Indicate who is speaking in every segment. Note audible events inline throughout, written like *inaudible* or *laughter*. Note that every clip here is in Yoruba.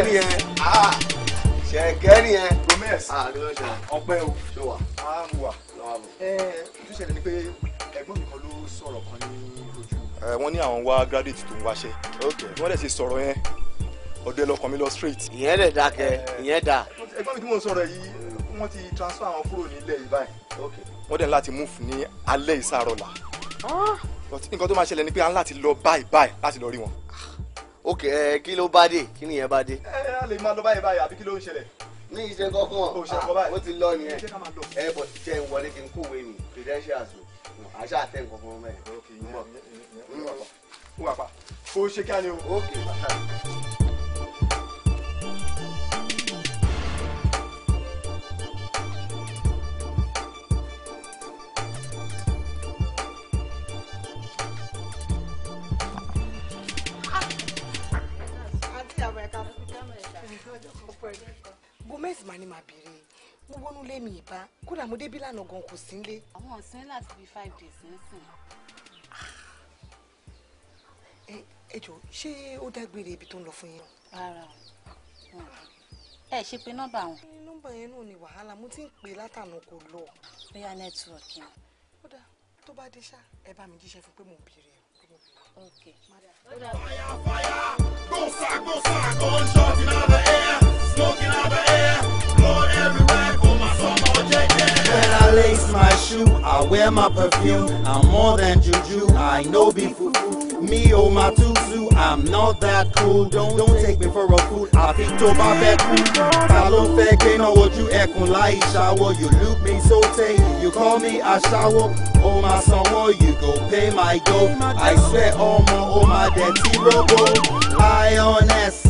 Speaker 1: ṣẹ̀kẹ́ ah, ah, ni ẹ ṣẹ̀kẹ́ ni gomez ọpẹ́ o ṣe wà. a ń ojú ṣẹlẹ̀ ni pé ẹ̀gbọ́n mi kan ló sọ̀rọ̀ kan ní ojú. wọ́n ní àwọn wá graduate tó ń wáṣẹ́ wọ́n dẹ̀ ṣe sọ̀rọ̀ yẹn ọ̀dọ̀ ẹlọ́kàn mi lọ straight. ìyẹn dẹ̀ dákẹ́ ìyẹn dà. ẹ̀gbọ́n mi tí mo sọ̀rọ̀ yìí wọ́n ti transfer àwọn kúrò nílẹ̀ yìí báyìí. wọ́n dẹ̀ láti move ní alẹ́ ìsàrọ̀là. Ah. nǹkan tó máa ṣẹlẹ̀ ni pé a ń láti lọ báyìí báyìí láti lọ rí wọn ok ẹ kí ló bá dé kí nìyẹn bá dé. ẹ ẹ lè máa lọ báyìí báyìí àbí kí ló ń ṣẹlẹ̀. ní ìṣe kankan ó ti lọ nìyẹn ẹ bọ̀ jẹ́ ìwọlé kí n kúwèé mi credentials o àṣà àtẹ̀ nǹkan fún mẹ́rin. ó wà pa kó ṣe kí á ní o.
Speaker 2: gomez ma ni ma bèrè mo wọnú lé mi ìbá kódà mo débí lánàá gan kò sí nílé.
Speaker 3: àwọn ọ̀sán láti fi five days nísìn.
Speaker 2: ẹ ẹ jọ ṣé ó dágbére ibi tó ń lọ fún yín. rárá o ẹ ṣe pé nọ́mbà wọn. nọ́mbà yẹn náà ni wàhálà mo ti ń pè látànà kò lọ. bóyá nẹ́tíwọ̀kì ni. ó dáa tó bá dé ṣá ẹ bá mi jíṣẹ́ fún pé mo ń bèrè o. Okay. Fire,
Speaker 4: fire, go sack, go sack, gunshot in When I lace my shoe, I wear my perfume. I'm more than juju, I know be foo foo. Me oh my tutu, I'm not that cool. Don't don't take me for a fool. I think to my back cool. Follow fair gain or what you ekun like shower. You look me so tame. You call me a shower. Oh my son, oh you go pay my go. I swear oh my oh my dirty robo. I honest.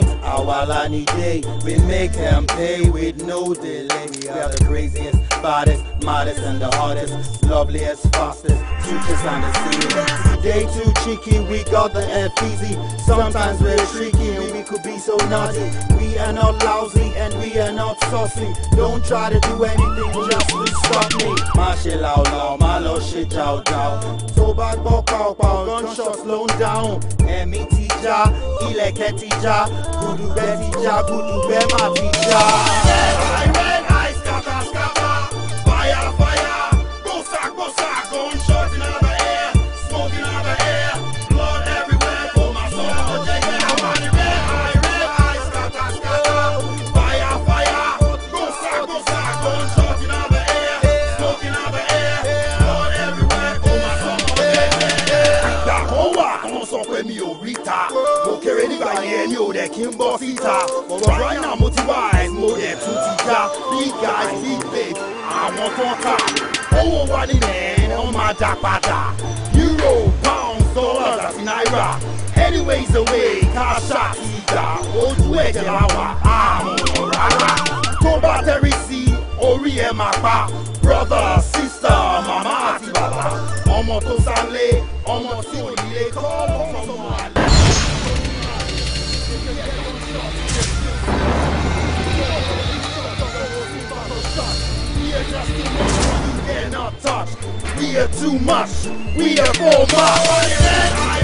Speaker 4: all I need, day. We make them pay with no delay. We are the craziest, baddest, maddest, and the hardest, loveliest, fastest, cutest, and the silliest. day too cheeky, we got the F easy. Sometimes we're tricky, we could be so naughty. We are not lousy and we are not saucy. Don't try to do anything just to stop me. Mashi lao lao, malo shi jiao So bad bow, bow, gunshots, slow down. M-E-T já ìlẹ̀kẹ̀ ti já gùdùgbẹ́ ti já gùdùgbẹ́ má ti já. dẹ̀ kí n bọ́ síta ọ̀rọ̀ brian mo ti wá àìsàn mo tún ti já big guys big babe àwọn tó ń ta owó wa nílẹ̀ wọ́n máa dá padà euro pound dollars àti náírà anyways away káṣá ìgbà ojú ẹ̀jẹ̀ la wà àrùn rárá tó bá tẹ́rí sí orí ẹ̀ máa pa brother sister mama àti bàbá ọmọ tó sálé ọmọ tí ò nílé kọ́ ọmọ tó wà lẹ́. cannot touch. We are too much. We are for much.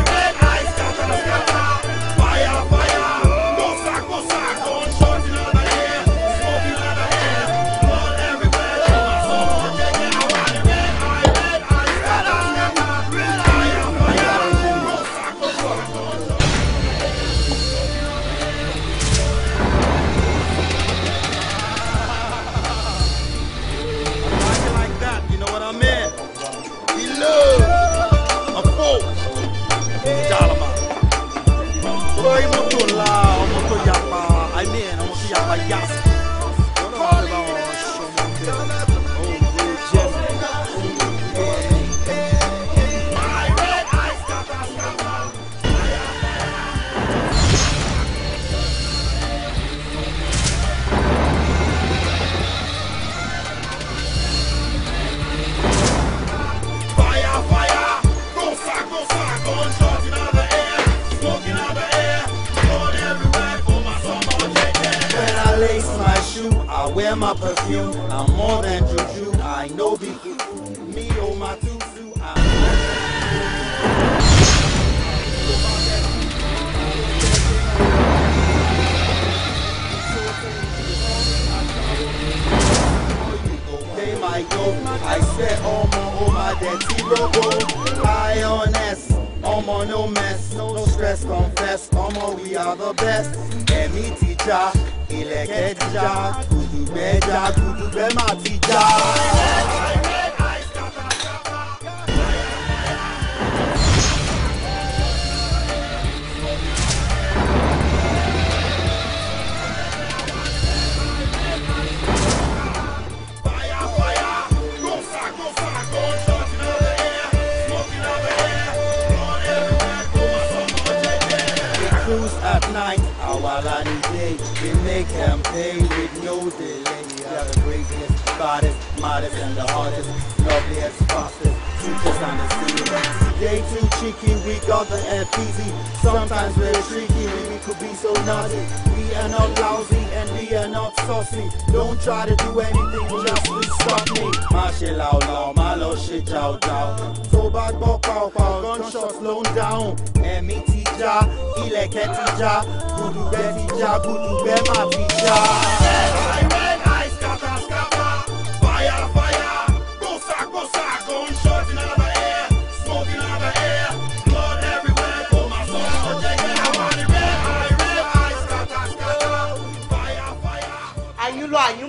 Speaker 4: wear my perfume. I'm more than juju. I know be me on oh my tutu. I go, I say, oh my, oh my, that's logo, I honest. Ọmọ no mess, no stress, confess, ọmọ we are the best. Ẹ̀mí ti já, ìlẹ̀kẹ̀ ti já, gùdùgbẹ́ já, gùdùgbẹ́ má ti I Alani Day, we make campaign with no delay. We are the greatest, baddest, modest, and the hardest, loveliest, fastest you just trying to see it. They too cheeky, we got the FPZ. Sometimes we're tricky, we could be so naughty. We are not lousy and we are not saucy. Don't try to do anything just to stop me. Mashi lao lao, malo shi jiao jiao. So bad bo pow pow, gunshots blown down. M.E.T. ja, ilẹ̀kẹ̀ ti ja, kudu bẹ́ẹ̀ ja, gudu bẹ́ẹ̀ má fi ja.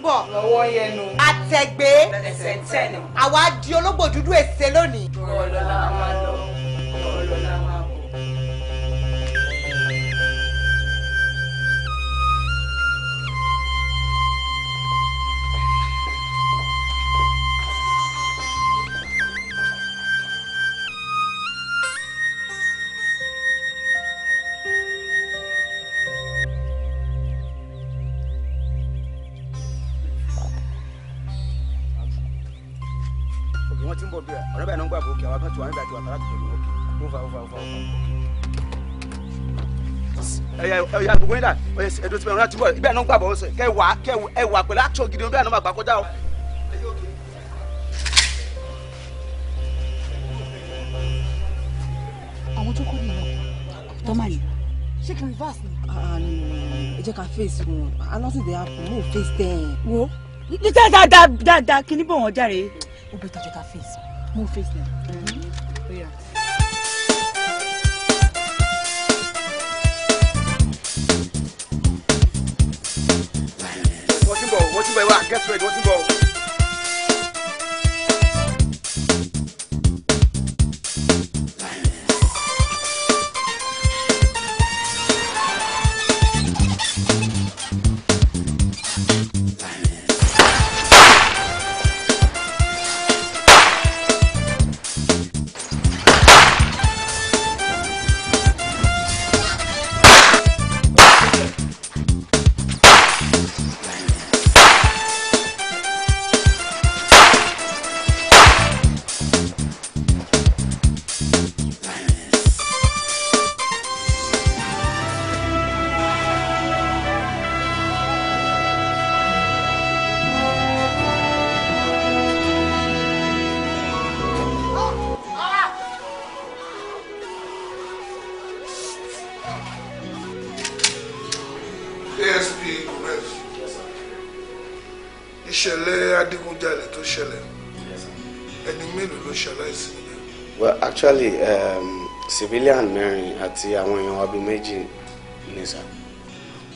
Speaker 2: bọ̀ àtẹ̀gbé àwa di ológbò dúdú èsè lónìí.
Speaker 1: over over over mm. ẹyà ẹyà gbogbo yín dà ẹyà ẹdùn tí mo rántí wọ ibẹ̀ náà ń gbà bọ̀ ọ̀sẹ̀ kẹ wà kẹ ẹ wà pẹ̀lú àtọ̀ gidi ọ̀bẹ̀ náà má o.
Speaker 2: àwọn tó kọ́ mi lọ tó máa yẹ. ṣé kí reverse ah, ah, ni. ẹ jẹ́ ká face wọn alọ́sìn dẹ̀ àpò mò ń face tẹ̀ ẹ̀. wo ní dáadáa dáadáa kí ni bọ̀ wọ́n járe. ó bẹ tọ́jú ká face mò face náà.
Speaker 1: me ajoelhou de novo. civilian mẹ́rin àti àwọn èèyàn abí méjì ní sà.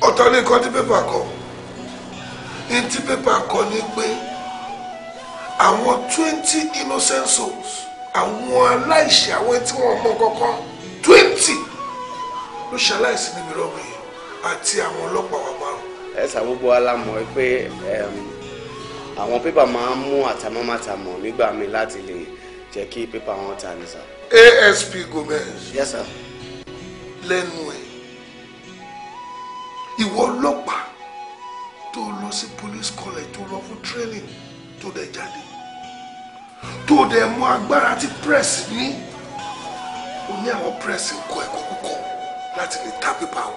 Speaker 5: ọ̀tọ̀ ní nǹkan tí pépà kọ ní tí pépà kọ ni pé àwọn twenty innocent souls àwọn aláìṣẹ̀ àwọn tí wọ́n mọ̀ kankan twenty ló ṣaláìsí níbi rọ́bì àti àwọn ọlọ́pàá wa márùn.
Speaker 1: ẹ ṣàgbọ́gbọ́ alámọ̀ ẹ pé àwọn pépà máa ń mú àtàmọ́mátàmọ̀ nígbà míì láti lè jẹ́ kí pépà wọn ta ní
Speaker 5: ASP Gomez. Yes, sir. Lẹ́nu ẹ̀. Ìwọ ọlọ́pàá tó lọ sí police college tó lọ fún training tó dẹ̀ jáde. Tó dẹ̀ mọ agbára tí press ní. O ní àwọn press ń kọ ẹ̀kọ́ púpọ̀ láti lè ta pépà o.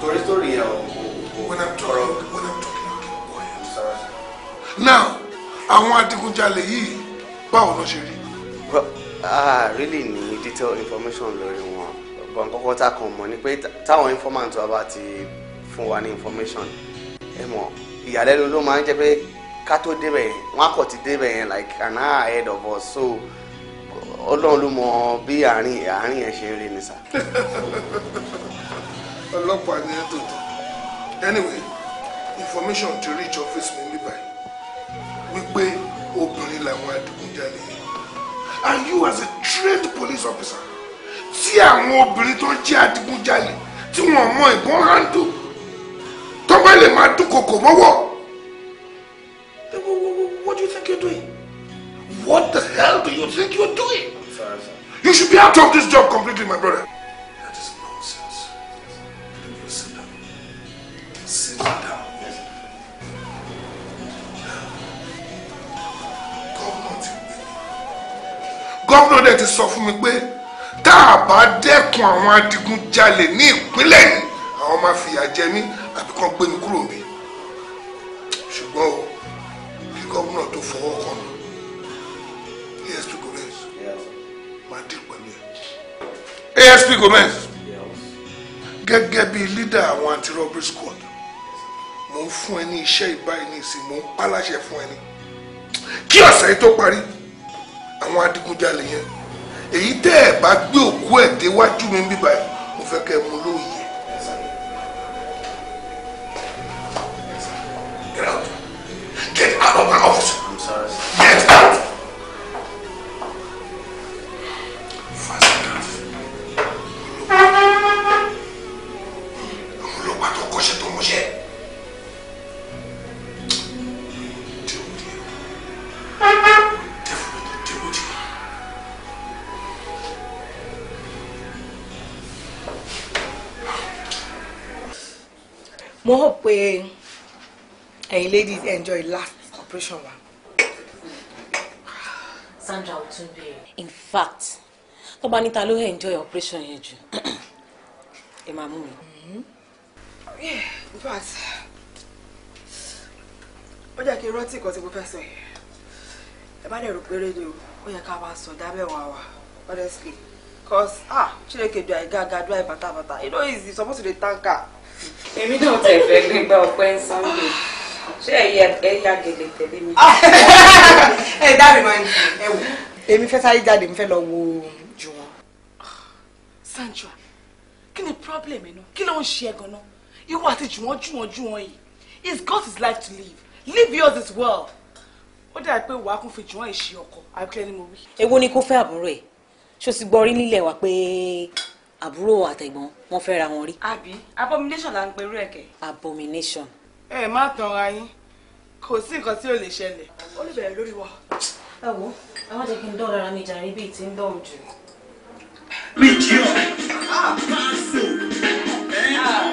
Speaker 5: Torí tó rí ẹ̀ o. When I'm talking, when I'm talking, I'm talking. Now, àwọn adigunjalè yìí báwo ló ṣe rí? well
Speaker 1: really need detailed information lórí wọn but kọ́kọ́ tá a kàn mọ̀ ni pé táwọn informant wa bá ti fún wa ní information ẹ mọ̀ ìyàlẹ́nu ló máa ń jẹ́ pé ká tó débẹ̀ yẹn wọ́n á kọ̀ ti débẹ̀ yẹn like an hour ahead of us so ọlọ́run ló mọ bí àárín àárín yẹn ṣe ń rí ni sà.
Speaker 5: *laughs* ọlọ́pàá ni ẹ tòótọ́ anyway information ti reach office mi níbàyìí wípé obìnrin làwọn adigunjalè and you as a trained police officer tí àwọn obìnrin tó ń jẹ́ adigunjalè tí wọ́n mọ ìbọn handle tọ́gbẹ́ lè máa dúnkokò mọ́wọ́. What do you think you're doing? What the hell do you think you're doing? You should be out of this job completely, my brother. ti sọ fún mi pé tá a bá dẹ́kun àwọn adigunjalè ní ìpínlẹ̀ yìí àwọn máa fìyà jẹ mí àbí kan gbé mi kúrò mi ṣùgbọ́n o bí gómìnà tó fọwọ́ kàn mí asp gomez máa dì pẹ̀lú ẹ̀ asp gomez gẹ́gẹ́ bíi lídà àwọn anti-robbery squad mo ń fún ẹ ní iṣẹ́ ìbáyìí ní ìsìn mo ń pa láṣẹ fún ẹ ní kí ọ̀sẹ̀ yìí tó parí àwọn adigunjalè yẹn èyí tẹ́ ẹ̀ bá gbé òkú ẹ̀ déwájú mi bíbá ẹ̀ mo fẹ́ kẹ́ ẹ mú lóye. Get out. Get out of
Speaker 6: my office.
Speaker 2: mo hope pé ẹ̀yin ladies enjoy last operation
Speaker 3: wa. Sandra ò tún béèrè. in fact tó bá níta ló enjoy operation yẹn jù
Speaker 2: ẹ máa mú mi. Mm-hmm. yeah in fact ó jẹ́ kí n rántí nǹkan tí mo fẹ́ sọ yìí ẹ bá dẹ̀ rò pé rédíò ó yẹ ká máa sọ dábẹ́wàá wa honestly cause ah Chineke do àìgáàgá do àìbàtàbàtà e no easy suppose to dey tank
Speaker 3: èmi náà tẹ̀ fẹ́ gbégbá ọpẹ́ ń sunday ṣé ẹ yá gèlè tẹ̀lé mi. Ah! *laughs*
Speaker 2: ẹ dá mi máa ń ẹ wò. èmi fẹ́ sáré jáde mi fẹ́ lọ wo jù wọn. Sandra kí ni problem inú kí ló ń ṣe ẹ ganan ìwọ àti jùwọ́n jùwọ́n jùwọ́n yìí he's got his life to live live yours as well ó dà pé wàá kún fi jùwọ́n ìṣe ọkọ àbíkẹ́ ni mo wí.
Speaker 3: èwo ni kò fẹ́ àbúrò ẹ̀ ṣó ti gbọ́ rí nílẹ̀ wá pé àbúrò àtẹ̀gbọ́n wọn fẹ́ ra wọn rí.
Speaker 2: àbí abomination
Speaker 3: là ń pẹ̀lú ẹ̀kẹ́. abomination. ẹ má tanra yín kò sí nǹkan tí ò lè ṣẹlẹ̀ ó lè bẹ̀rẹ̀ lórí wa. ẹ wo ẹ má jẹ́ kí n dán lára mi jàre bíi ti ń dán jù.
Speaker 4: mi jí ọ. a sùn.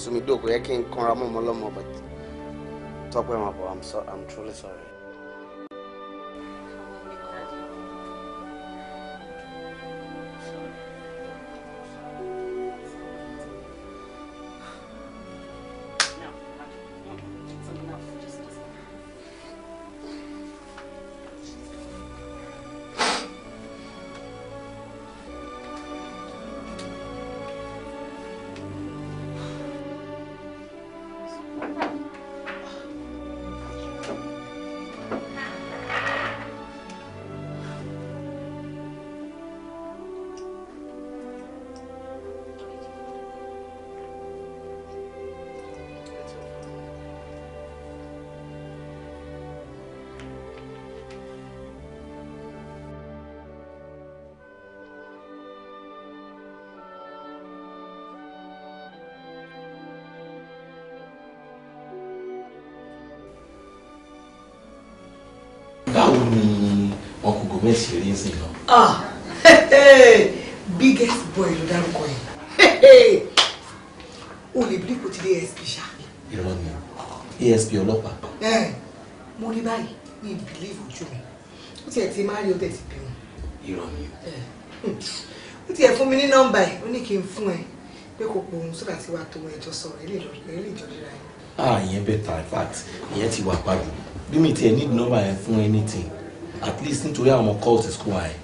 Speaker 1: sùn yẹ kí n kanra mọ́ but tọ́pẹ́ wọn bọ̀ i'm
Speaker 5: truly sorry.
Speaker 7: mẹ́sì rí sí lọ.
Speaker 2: biggest boy ló dárúkọ yẹn o lè bí kò ti dé asp ṣá.
Speaker 7: irọ́ ni asp e ọlọ́pàá.
Speaker 2: mo rí báyìí mi believe ojú mi ó tiẹ̀ ti máa rí o tẹ̀ ti bímọ. irọ́ ni hmm. ó tiẹ̀ fún mi ní nọ́mbà ẹ̀ ó ní kí n fún ẹ pé kò pọ̀ òun sódà tí wàá tó ẹjọ́ sọ̀rọ̀ ẹ lè jọ ríra ẹ.
Speaker 7: ah ìyẹn better in fact ìyẹn ti wà pàdù bí mi tiẹ̀ need number yẹn fún anything at least nítorí àwọn cult school wa yẹn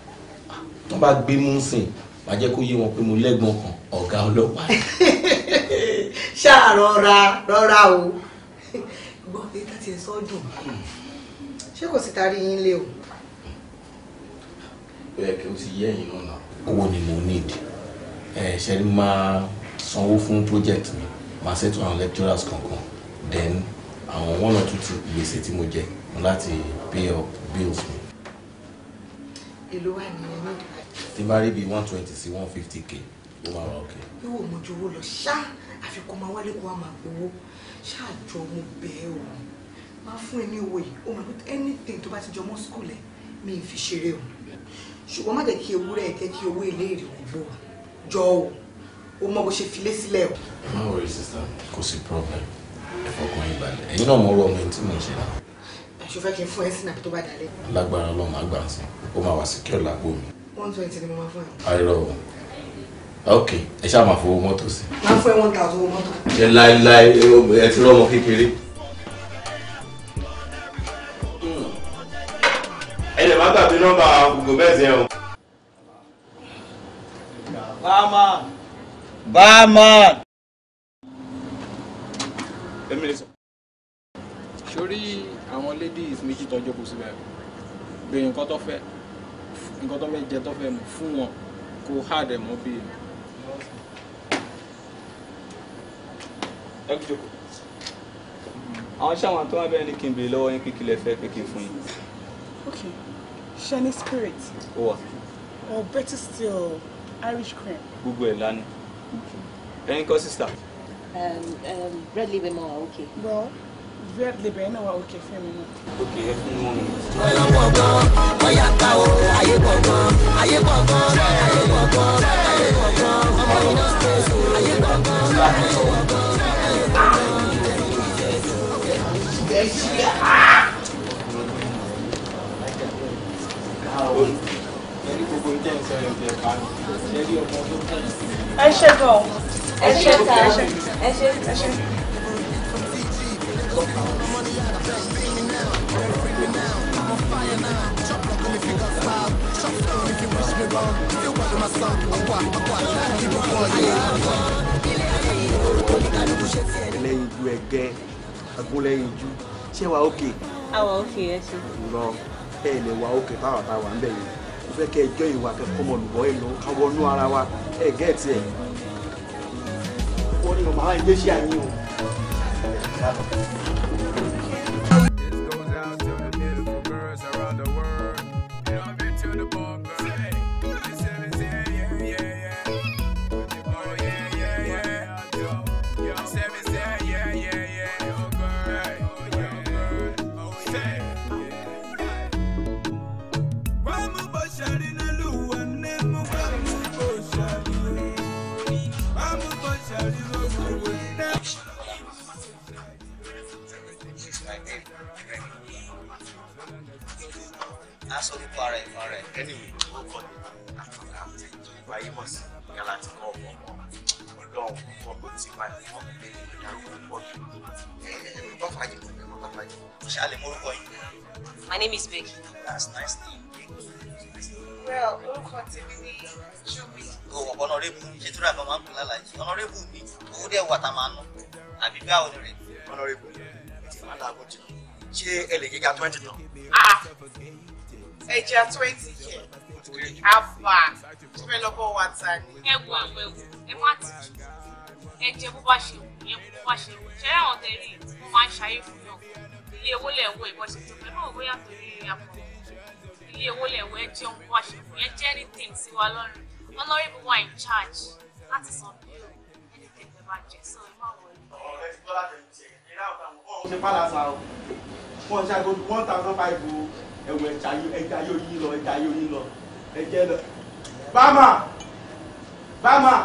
Speaker 7: tó bá gbé mú sìn má jẹ́ kó yé wọn pé mo lẹ́gbọ̀n kan ọ̀gá ọlọ́pàá.
Speaker 2: *laughs*
Speaker 7: ṣáà rọra rọra o
Speaker 2: gbọ́ pé tàti ẹ̀ sọ́dún
Speaker 7: ṣé kò sì tarí yín lé o. bẹ́ẹ̀ kí o ti yẹ ẹ̀yin náà náà owó ni mo need ẹ ṣe ni máa sanwó fún project mi máa ṣètò àwọn lecturers kankan then àwọn one or two gbèsè tí mo jẹ láti pay up bills mi
Speaker 2: èlò wà nìyẹn ní
Speaker 7: ìdìbò. tí n bá rí bíi one twenty sí one fifty k ó máa wà òkè.
Speaker 2: yóò mójú owó lọ ṣá àfi kó máa wálé kó wá máa gbowó ṣáàjọ mo bẹ́ẹ̀ o máa fún ẹ ní o máa put anything tó bá ti jọ mọ́ school ẹ̀ mi ì fi ṣeré o ṣùgbọ́n má jẹ́ kí ewúrẹ́ ẹ̀ kẹ́ kí owó ilé ìrìn ògbó jọ o o mọ bó ṣe filé sílẹ̀ o. no
Speaker 7: worry sister kò sí problem ẹ fọkàn yín balẹ̀ ẹ̀yin náà mo rọ ọmọ ẹni tí mò ń ṣe náà
Speaker 2: ṣo fẹ́ kí n fún ẹ sínú àbí tó bá dalẹ̀.
Speaker 7: lágbára ọlọ́run máa gbà sí ó máa wà sí kí ọ̀la gbó mi.
Speaker 2: one twenty ni mo máa fún ẹ.
Speaker 7: àìrọ o ok ẹ ṣáà máa fowó mọ́tò sí. máa fún ẹ one thousand owó mọ́tò. ṣe láéláé ẹ ti rọ́mọ kékeré.
Speaker 6: ẹ lè má gbàgbé nọ́mbà gbogbo bẹ́ẹ̀ sẹ́yìn o. Barman. Barman. Ẹ sọ.
Speaker 7: Sori àwọn ladies méjì tọ́jọ́ kò síbẹ̀ bẹ̀rẹ̀ nǹkan tó fẹ́ nǹkan tó fẹ́ tó fẹ́ fún wọn kó hard ẹ̀ mọ́ bí
Speaker 1: àwọn ṣáwọn tó wá bẹ́ẹ̀ ní kí n bèrè lọ́wọ́ yín pé kí lẹ fẹ́ pé kí n fún yín.
Speaker 2: ok ṣe spirit. ó wà. or better still irish cream.
Speaker 1: gbogbo ẹ̀ lánàá. ẹ̀yin kọ́ sísà. red leaf ẹ̀ mọ́ wa ok. well red label ẹ̀ náà wà òkè fún mi náà. òkè ẹ fún mọ́ mi. ọlọ́pọ̀ gan wọ́n yà ká o
Speaker 3: Look how the money out you got
Speaker 1: style. Chop stone ju ṣé wàá òkè?
Speaker 4: Àwa
Speaker 3: òkè ẹ ṣe.
Speaker 1: Lọ ẹ lè wà òkè táwa táwa ń bẹ̀ yìí. Mo fẹ́ kẹ́ ẹjọ́ ìwà kẹ́kọ̀ọ́ ọmọlùbọ́ ẹ̀ lọ, ká wọnú ara wa, ẹ gẹ́ẹ̀tì ẹ̀. Wọ́n ní ọmọ àwọn ilé àyè o. Gracias.
Speaker 3: name is Becky. That's nice name. Well, orúkọ tèmi
Speaker 4: ni Jumi.
Speaker 1: O wọ̀ ọ̀nàrẹ́bù ṣe tó dàgbà máa ń pè lálàjì. Ọ̀nàrẹ́bù a máa nù. Àbí bí àwọn rẹ̀ ọ̀nàrẹ́bù máa ń làágùn jù. Ṣé ẹ lè gíga
Speaker 4: twenty tán? Ah! Ẹja twenty yẹ. Àfà
Speaker 3: tó fẹ́ lọ́bọ̀ wa ta ni. Ẹ wo àwọn ẹ̀wù, ẹ má ti jù. Ẹ jẹ bó bá ṣe wù, ẹ mú ilé owó lẹ̀ wọ ìbọn ṣètò pé mọ̀ yàtọ̀ rí àpò ilé owó lẹ̀ wọ ẹ jẹun wá ṣe fún yẹn jẹ́ anything sí wa lọ́rùn ọlọ́rí mi wà in charge láti san bill anything lè máa jẹ so ẹ
Speaker 4: má wọlé. ọ̀rẹ́ ti gbọ́dọ̀ àtẹ̀yìn tiẹ̀ ẹ̀rá ọ̀tá
Speaker 7: wọn. ṣé pálásà o wọ́n ṣe àgbo
Speaker 1: one thousand five o ẹ̀wù ẹ̀já yóò yín lọ ẹ̀já yóò yín lọ ẹ̀jẹ̀ lọ.
Speaker 7: bámà bámà.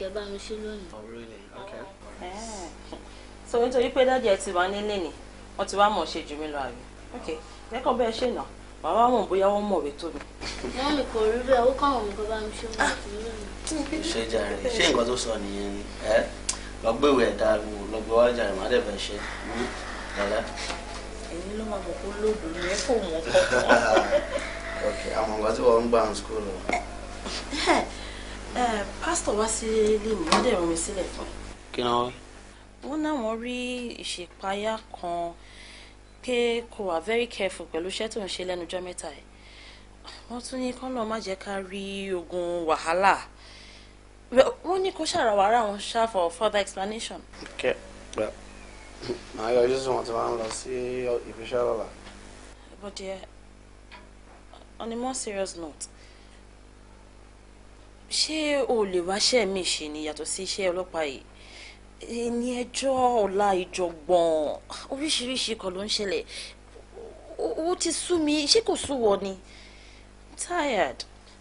Speaker 6: ni bá
Speaker 3: mi ṣe lónìí. Oh really? Okay. Eh. so nítorí pé dájú ẹ ti wá nílé ni wọ́n ti wá mọ̀ ṣe jù mí lọ àbí ok lẹ́kọ̀ọ́ bẹ́ẹ̀ ṣe nà bàbá mọ̀ bóyá wọ́n mọ̀wé tó mi. wọ́n mi kò rí bẹ́ẹ̀ ó káwọn mi kọ́ bá mi ṣe mọ̀ lónìí. ṣé jàre ṣé nǹkan tó
Speaker 1: sọ nìyẹn ni ẹ eh? lọgbẹwẹ ẹdá wò lọgbẹ wá jàre má dẹbẹ ṣe wú hmm? lọlá.
Speaker 3: ẹ̀yin ló máa bọ̀ kó lóògùn ní ẹ kò mọ̀ kọ́kọ́.
Speaker 1: *laughs* ok àwọn ọ̀gá tí wọ́n ń gbà ń skul lọ.
Speaker 3: Eh, Pastor, wá sí ilé mi wọ́n dẹ̀ rán mi sílẹ̀ fún ẹ. kí ni wọ́n. wọ́n náwọn rí ìṣèpáyà kan pé kò wà very careful pẹ̀lú iṣẹ́ tó ń ṣe lẹ́nu ọjọ́ mẹ́ta ẹ̀ wọ́n tún ní kán náà má jẹ́ ká rí ogun wàhálà wọ́n ní kó ṣàràwárà wọn ṣá for further explanation.
Speaker 1: okay well màá yọjú sí wọn tí wọn lọ sí ìfiṣẹ́ lọ́la.
Speaker 3: but dear on a more serious note ṣé o lè wáṣẹ́ mi ṣe ni yàtọ̀ sí iṣẹ́ ọlọ́pàá yìí ní ẹjọ́ ọ̀la ìjọ̀gbọ̀n oríṣiríṣi kan ló ń ṣẹlẹ̀ ó ti sú mi ṣé kò sú wọ ni tired.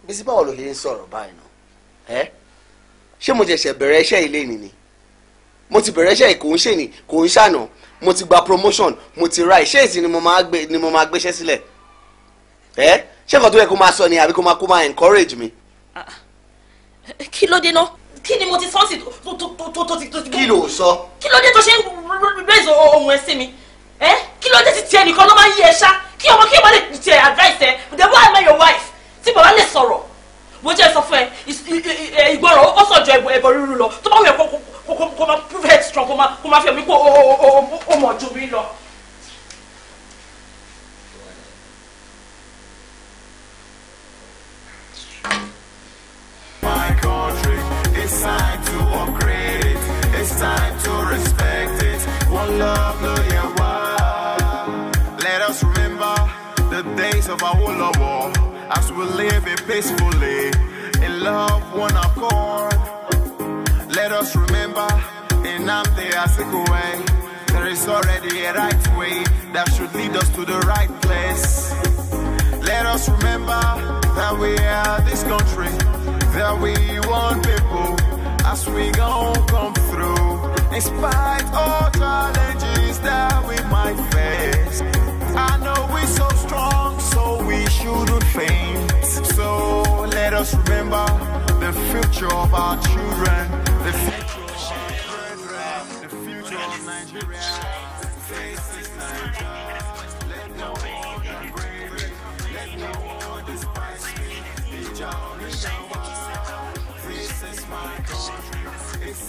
Speaker 1: bísí báwo ló lè ń sọ̀rọ̀ báyìí nù ẹ́ ṣé mo ṣẹ̀ṣẹ̀ bẹ̀rẹ̀ iṣẹ́ ilé ni ni mo ti bẹ̀rẹ̀ iṣẹ́ kò ń ṣe ni kò ń ṣàná mo ti gba promotion mo ti ra iṣẹ́ ìsìn ni mo máa gbé ni mo máa gbéṣẹ́ sílẹ̀ ẹ́ ṣé kò tó yẹ kó máa sọ ni àbí kó máa kó máa encourage mi. Ah,
Speaker 3: kí ló dé náà kí ni mo ti sọ́ọ̀sì tó tó tó tó ti. kí ló sọ. kí ló dé tó ṣe ń rẹ́sọ̀ ohun ẹ̀ sí mi ẹ kí ló dé ti tiẹ̀ nìkan ló máa ń yí ẹ ṣá kí ọmọ kí ìwọ́n lè tiẹ̀ advice ẹ the way I met your wife tí bàbá lè sọ̀rọ̀ mo jẹ́ sọ fún ẹ ìgbọràn ó sọ̀jọ̀ ẹ̀bọ̀ ríru
Speaker 2: lọ tó bá wù ẹ kó máa prove head strong kó máa fi ẹ̀mí kó o mọ̀ ju mi lọ.
Speaker 4: It's time to upgrade it. It's time to respect it. One love, no Let us remember the days of our love as
Speaker 7: we live it peacefully in love, one accord. Let us remember in Amde Asikuwe, there is already a right way that should lead us to the right place. Let us remember
Speaker 4: that we are this country that we want people as we gon' come through. In spite all challenges that we might face, I know we're so strong, so we shouldn't faint. So let us remember the future of our children, the future of our children, the future of Nigeria.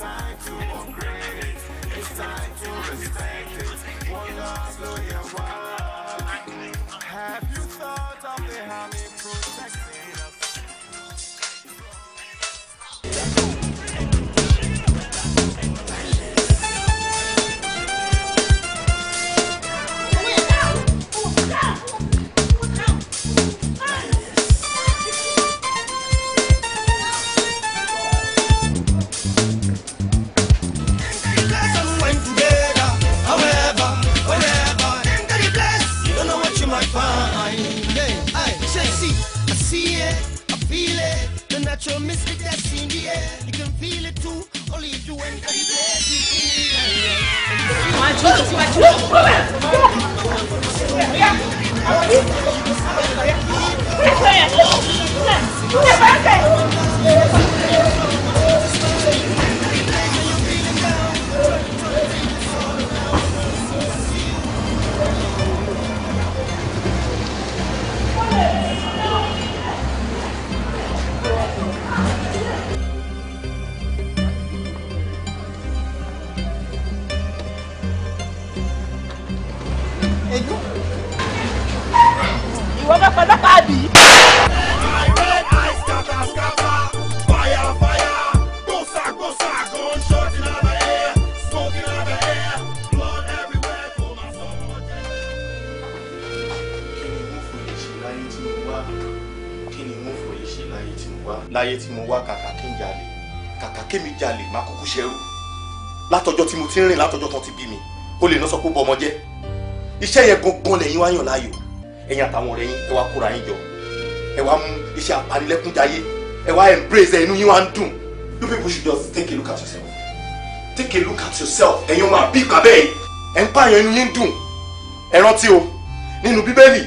Speaker 5: time to upgrade it. It's time to respect it. One love, lawyer, one. Have you thought of the harmony?
Speaker 4: Natural mystic that's in the air. You can feel it too, only if you
Speaker 7: láyé tí mo wá kàkà kí n jalè kàkà kémi jalè
Speaker 1: má kúkú ṣerú látọjọ́ tí mo ti ń rìn látọjọ́ tán ti bí mi ó lè ná sọ pé bọ ọmọ jẹ iṣẹ́ yẹn gangan lẹ́yìn wá yàn láàyò ẹ̀yin àtàwọn ọ̀rẹ́ yín ẹ wá kóra yín jọ ẹ wá mú iṣẹ́ apanilẹ́kúnjayé ẹ wá embrace ẹ inú yín wá ń dùn you people should just take a look at yourself take a look at yourself ẹ̀yin ọmọ àbí ìkà bẹ́ẹ̀ ẹ̀ ń pààyàn inú yín dùn ẹ rántí o nínú bíbélì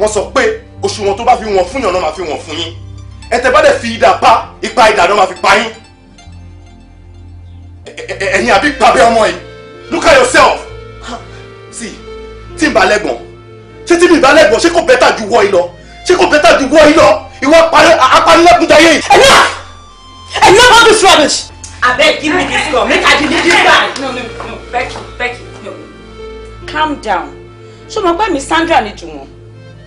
Speaker 1: wọ́n sọ pé òṣùwọ̀n tó bá fi wọ̀n fún yàn náà máa fi wọ̀n fún yín ẹ bá dẹ̀ fi idà pa ipa idà náà máa fi pa yín ẹ̀yin àbí pàbẹ́ ọmọ yìí look at yourself see tí n bá lẹ́gbọ̀n ṣé tí mi bá lẹ́gbọ̀n ṣé kò bẹ́tà ju wọ́ yìí lọ ṣé kò bẹ́tà ju wọ́ yìí lọ ìwọ apanilẹ́kùnjayé yìí. enough enough all this rubbish.
Speaker 2: abeg
Speaker 3: give me this gun make i delete this guy. no no no Becky Becky no. calm down ṣé o mọ̀ pé mi Sandra ni jùmọ̀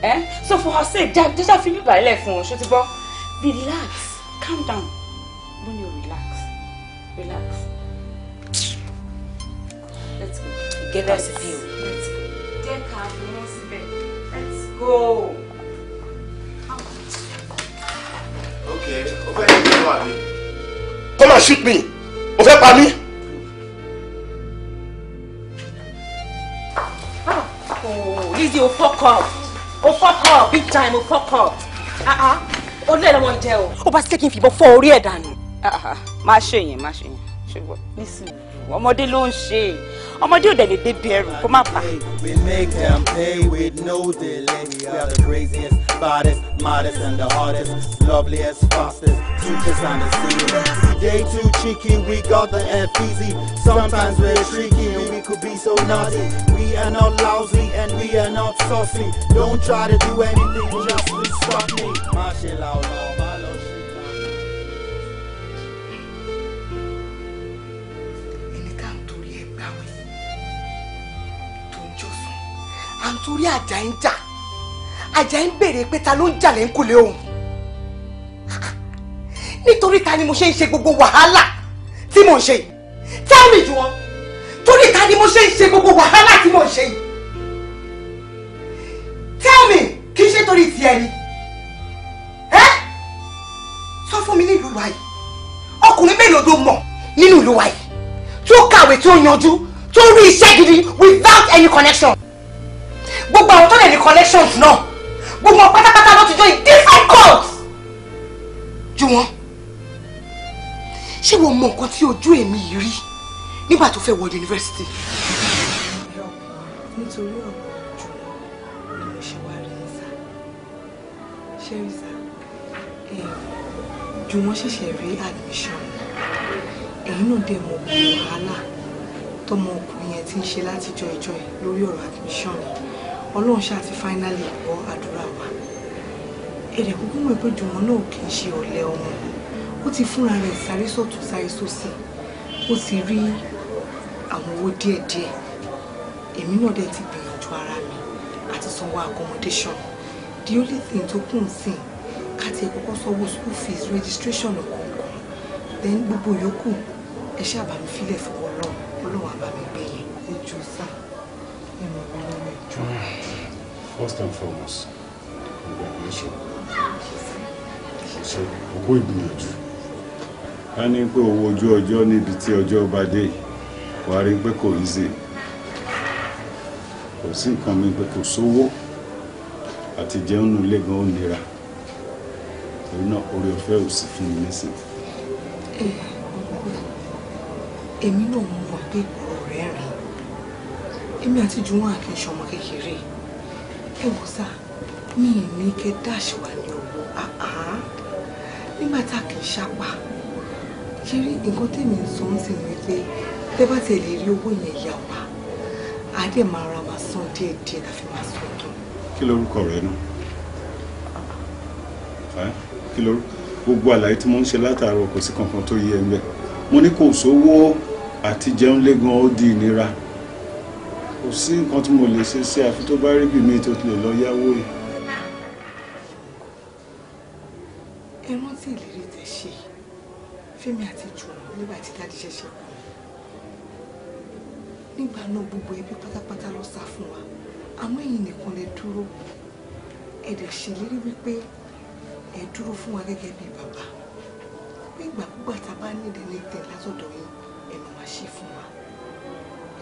Speaker 3: ẹ́ eh? so for her sake jẹ́ àfi bíbá ilẹ̀ fún un ṣó ti gbọ́
Speaker 2: relax calm down mo ní relax relax let's go get us a view. let's go jẹ́ ká fi wọ́n let's go.
Speaker 1: okay come and shoot me
Speaker 5: Over by me. mí.
Speaker 3: Oh, Lizzie, oh fuck up. Oh fuck up, big time, oh fuck up. Uh-uh ó lé lọ́mọ ìjẹ́ o.
Speaker 2: ó bá ṣe kí n fìbọn fọ́ orí ẹ̀ dànù.
Speaker 3: Ah, ah, ah. má ṣe yẹn má ṣe yẹn
Speaker 4: ṣùgbọ́n
Speaker 2: nísìnyí. ọmọdé ló ń ọmọdé ò dẹ̀ lè débi ẹrù kó má pa.
Speaker 4: we make them pay with no delay we are the craziest baddest maddest and the hardest loveliest fastest cutest on the We they too cheeky we got the F easy sometimes we're tricky and we could be so naughty we are not lousy and we are not saucy don't try to do anything just to stop me.
Speaker 2: à ń torí Àjàyí ń jà Àjàyí ń béèrè pé ta ló ń jà lẹ́ńkùlé òun nítorí ta ni mo ṣe ń ṣe gbogbo wàhálà tí mo ń ṣe tell me jùwọ́n torí ta ni mo ṣe ń ṣe gbogbo wàhálà tí mo ń ṣe tell me kì í ṣe torí tiẹ̀ ni ẹ́ sọ fún mi nílùú wa yìí ọkùnrin mélòó ló mọ̀ nínú ìlú wa yìí tó kàwé tó yanjú tó rí iṣẹ́ gidi without any connection gbogbo àwọn tó lè ní connections náà gbogbo pátápátá ló ti jọ in different court ju wọn ṣé wọn mọ nǹkan tí ojú èmi yìí rí nígbà tó fẹ́ wọ yunifásitì. nítorí ọ̀pọ̀ jùlọ ni mo ṣe wá rí ẹ̀sà ṣé rí ju wọn ṣẹ̀ṣẹ̀ rí admission èyí náà dẹ̀ mọ̀ wàhálà tọmọ ọkùnrin yẹn ti ń ṣe látijọ́ ìjọ́ ẹ̀ lórí ọ̀rọ̀ admission yìí ọlọ́run ṣáà ti finally gbọ́ àdúrà wa ẹ̀rẹ̀ kúkú mọ̀ pé jùmọ̀ náà kì í ṣe ọ̀lẹ ọmọ ó ti fúnra rẹ̀ sáré sọ̀tún sáré sósì ó ti rí àwọn owó díẹ̀díẹ̀ èmi náà dẹ̀ ti gbìyànjú ara mi àti sanwó accommodation the only thing tó kù ń sìn ká ti kọ́kọ́ sanwó school fees registration ọ̀kọ̀ọ̀kan then gbogbo yòókù ẹ ṣáà bá mi filẹ̀ fún ọlọ́run ọlọ́run á bá mi gbé yẹn ojú sáà
Speaker 6: first and foremost congratulation ṣe owó ìgbìyànjú ká ní pé owó ojú ọjọ́ níbi tí ọjọ́ bá dé wà á rí pé kò easy kò sí nǹkan mi pé kò sówó àti jẹun nù lẹ́gàn ó nira torí náà orí ọ̀fẹ́ ò sì fún mi nísìn.
Speaker 4: Eh,
Speaker 2: èmi náà mo wà pé ìgbòho rẹ̀ èmi àti jùwọ́n àkínṣọmọ kékeré ẹ wò sá mi ì ní kẹ dáṣì wà ní owó nígbà tá a kì í ṣapá ṣe rí nǹkan tèmi ń sọ ń sì ní pé tẹ bá tiẹ̀ lè rí owó yẹn yà wá á dẹ̀ máa ra máa san díẹ̀ díẹ̀ láfi máa san ọdún.
Speaker 6: kí lorúkọ rẹ nù kí lorúkọ gbogbo àlàyé tí mo ń ṣe látàárọ̀ kò sí kankan tó yé ẹ ń ní kò sówó àti jẹun légan ó di ìnira kò sí nǹkan tí mo lè ṣe sí àfi tó bá rí bí mi tó ti lè lọ yáwó yìí.
Speaker 2: ẹ rántí ìlérí tẹ ṣe Fẹ́mi àti Jùwọ́n nígbà tí dáàdì ṣẹ̀ṣẹ̀ kú nígbà náà gbogbo ẹbí pátápátá lọ sá fún wa àmọ́ ẹ̀yin nìkan lè dúró ẹ dẹ̀ ṣèlérí wípé ẹ dúró fún wa gẹ́gẹ́ bíi bàbá pé ìgbàkúgbà tá a bá nílẹ̀ ní tẹ̀ látọ̀dọ̀ yín ẹ máa ṣe fún wa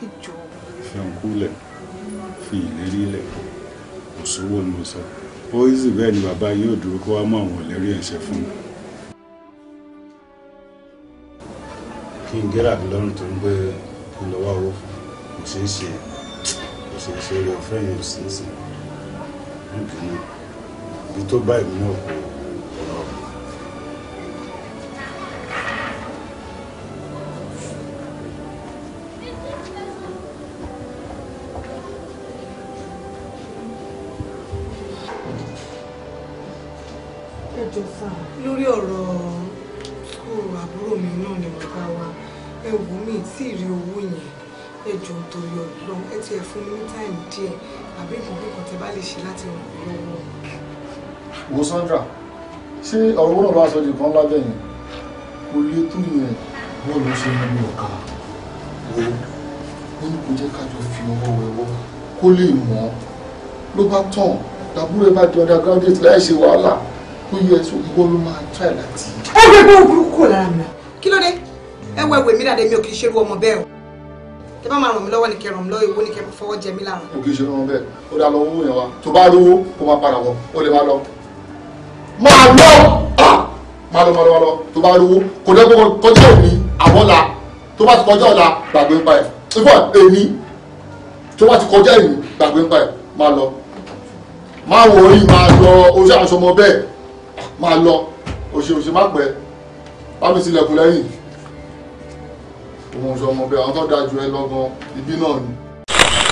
Speaker 6: ìjọ. fi hàn kúlẹ̀ fi ìlérí lẹ̀ kò sówó ni mo sọ ó sì bẹ́ẹ̀ ni bàbá yóò dúró kó wá mú àwọn ìlérí ẹ̀ṣẹ̀ fún mi. kí n gẹ́rà mi lọ́rùn tó ń gbé kí n lọ wá owó fún kò ṣeé ṣe kò ṣeé ṣe orí ọ̀fẹ́ yẹn ò sí sí nìkan náà ibi tó bá èmi kò.
Speaker 2: ẹjọ torí Ọlọ́run ẹ ti ẹ fún mi ní táìmù díẹ̀ àbí ìkọ̀kọ̀ kan tẹ bá lè ṣe láti ràn mí lọ́wọ́.
Speaker 6: wo Sandra ṣé ọ̀rọ̀ náà bá sọ di kan lábẹ́ yẹn kò lè tó yẹn wọ́n lọ ṣe
Speaker 5: nínú ọ̀ka wo wọ́n ní kò jẹ́ kájọ fi ọwọ́ wẹ̀wọ́ kó lè mọ́ ló bá tàn dàbúrò ẹ bá di ọ̀dà graduate láì ṣe wàhálà ó yẹ tó gbọ́ ló máa try láti. ẹ gbẹgbẹ ògùn kò lára mi
Speaker 2: kí ló dé ẹ wọ ẹwẹ mi dáadé mi ò kì í ṣerú ọmọ bẹ́ẹ̀ o tẹ bá máa ràn mí lọ́wọ́ ní kẹ ràn mí lọ́wọ́ ìwọ ní kẹ fọwọ́ jẹ mí lára.
Speaker 5: kò kì wọn bẹ́ẹ̀ ó dá lọ owó yẹn wa tó bá rówó kó máa padà wọ ó lè máa lọ. máa lọ ah! máa lọ máa lọ máa lọ tó bá rówó kò dẹ́ kọjá òní àbọ̀là tó bá ti kọjá ọ̀la gbàgbé ń pa ẹ̀ ìfọ̀ èmi tó bá ti kọjá èmi gbàgbé ń pa ẹ̀ máa lọ máa wò orí máa lọ oṣù àṣọmọ bẹ́ẹ̀ máa lọ òṣèòṣè má pẹ́ bá mi sílẹ̀kùn lẹ́yìn òun sọ ọmọ bẹ́ẹ̀ àwọn tó dájú ẹ lọ́gán ibi náà ni.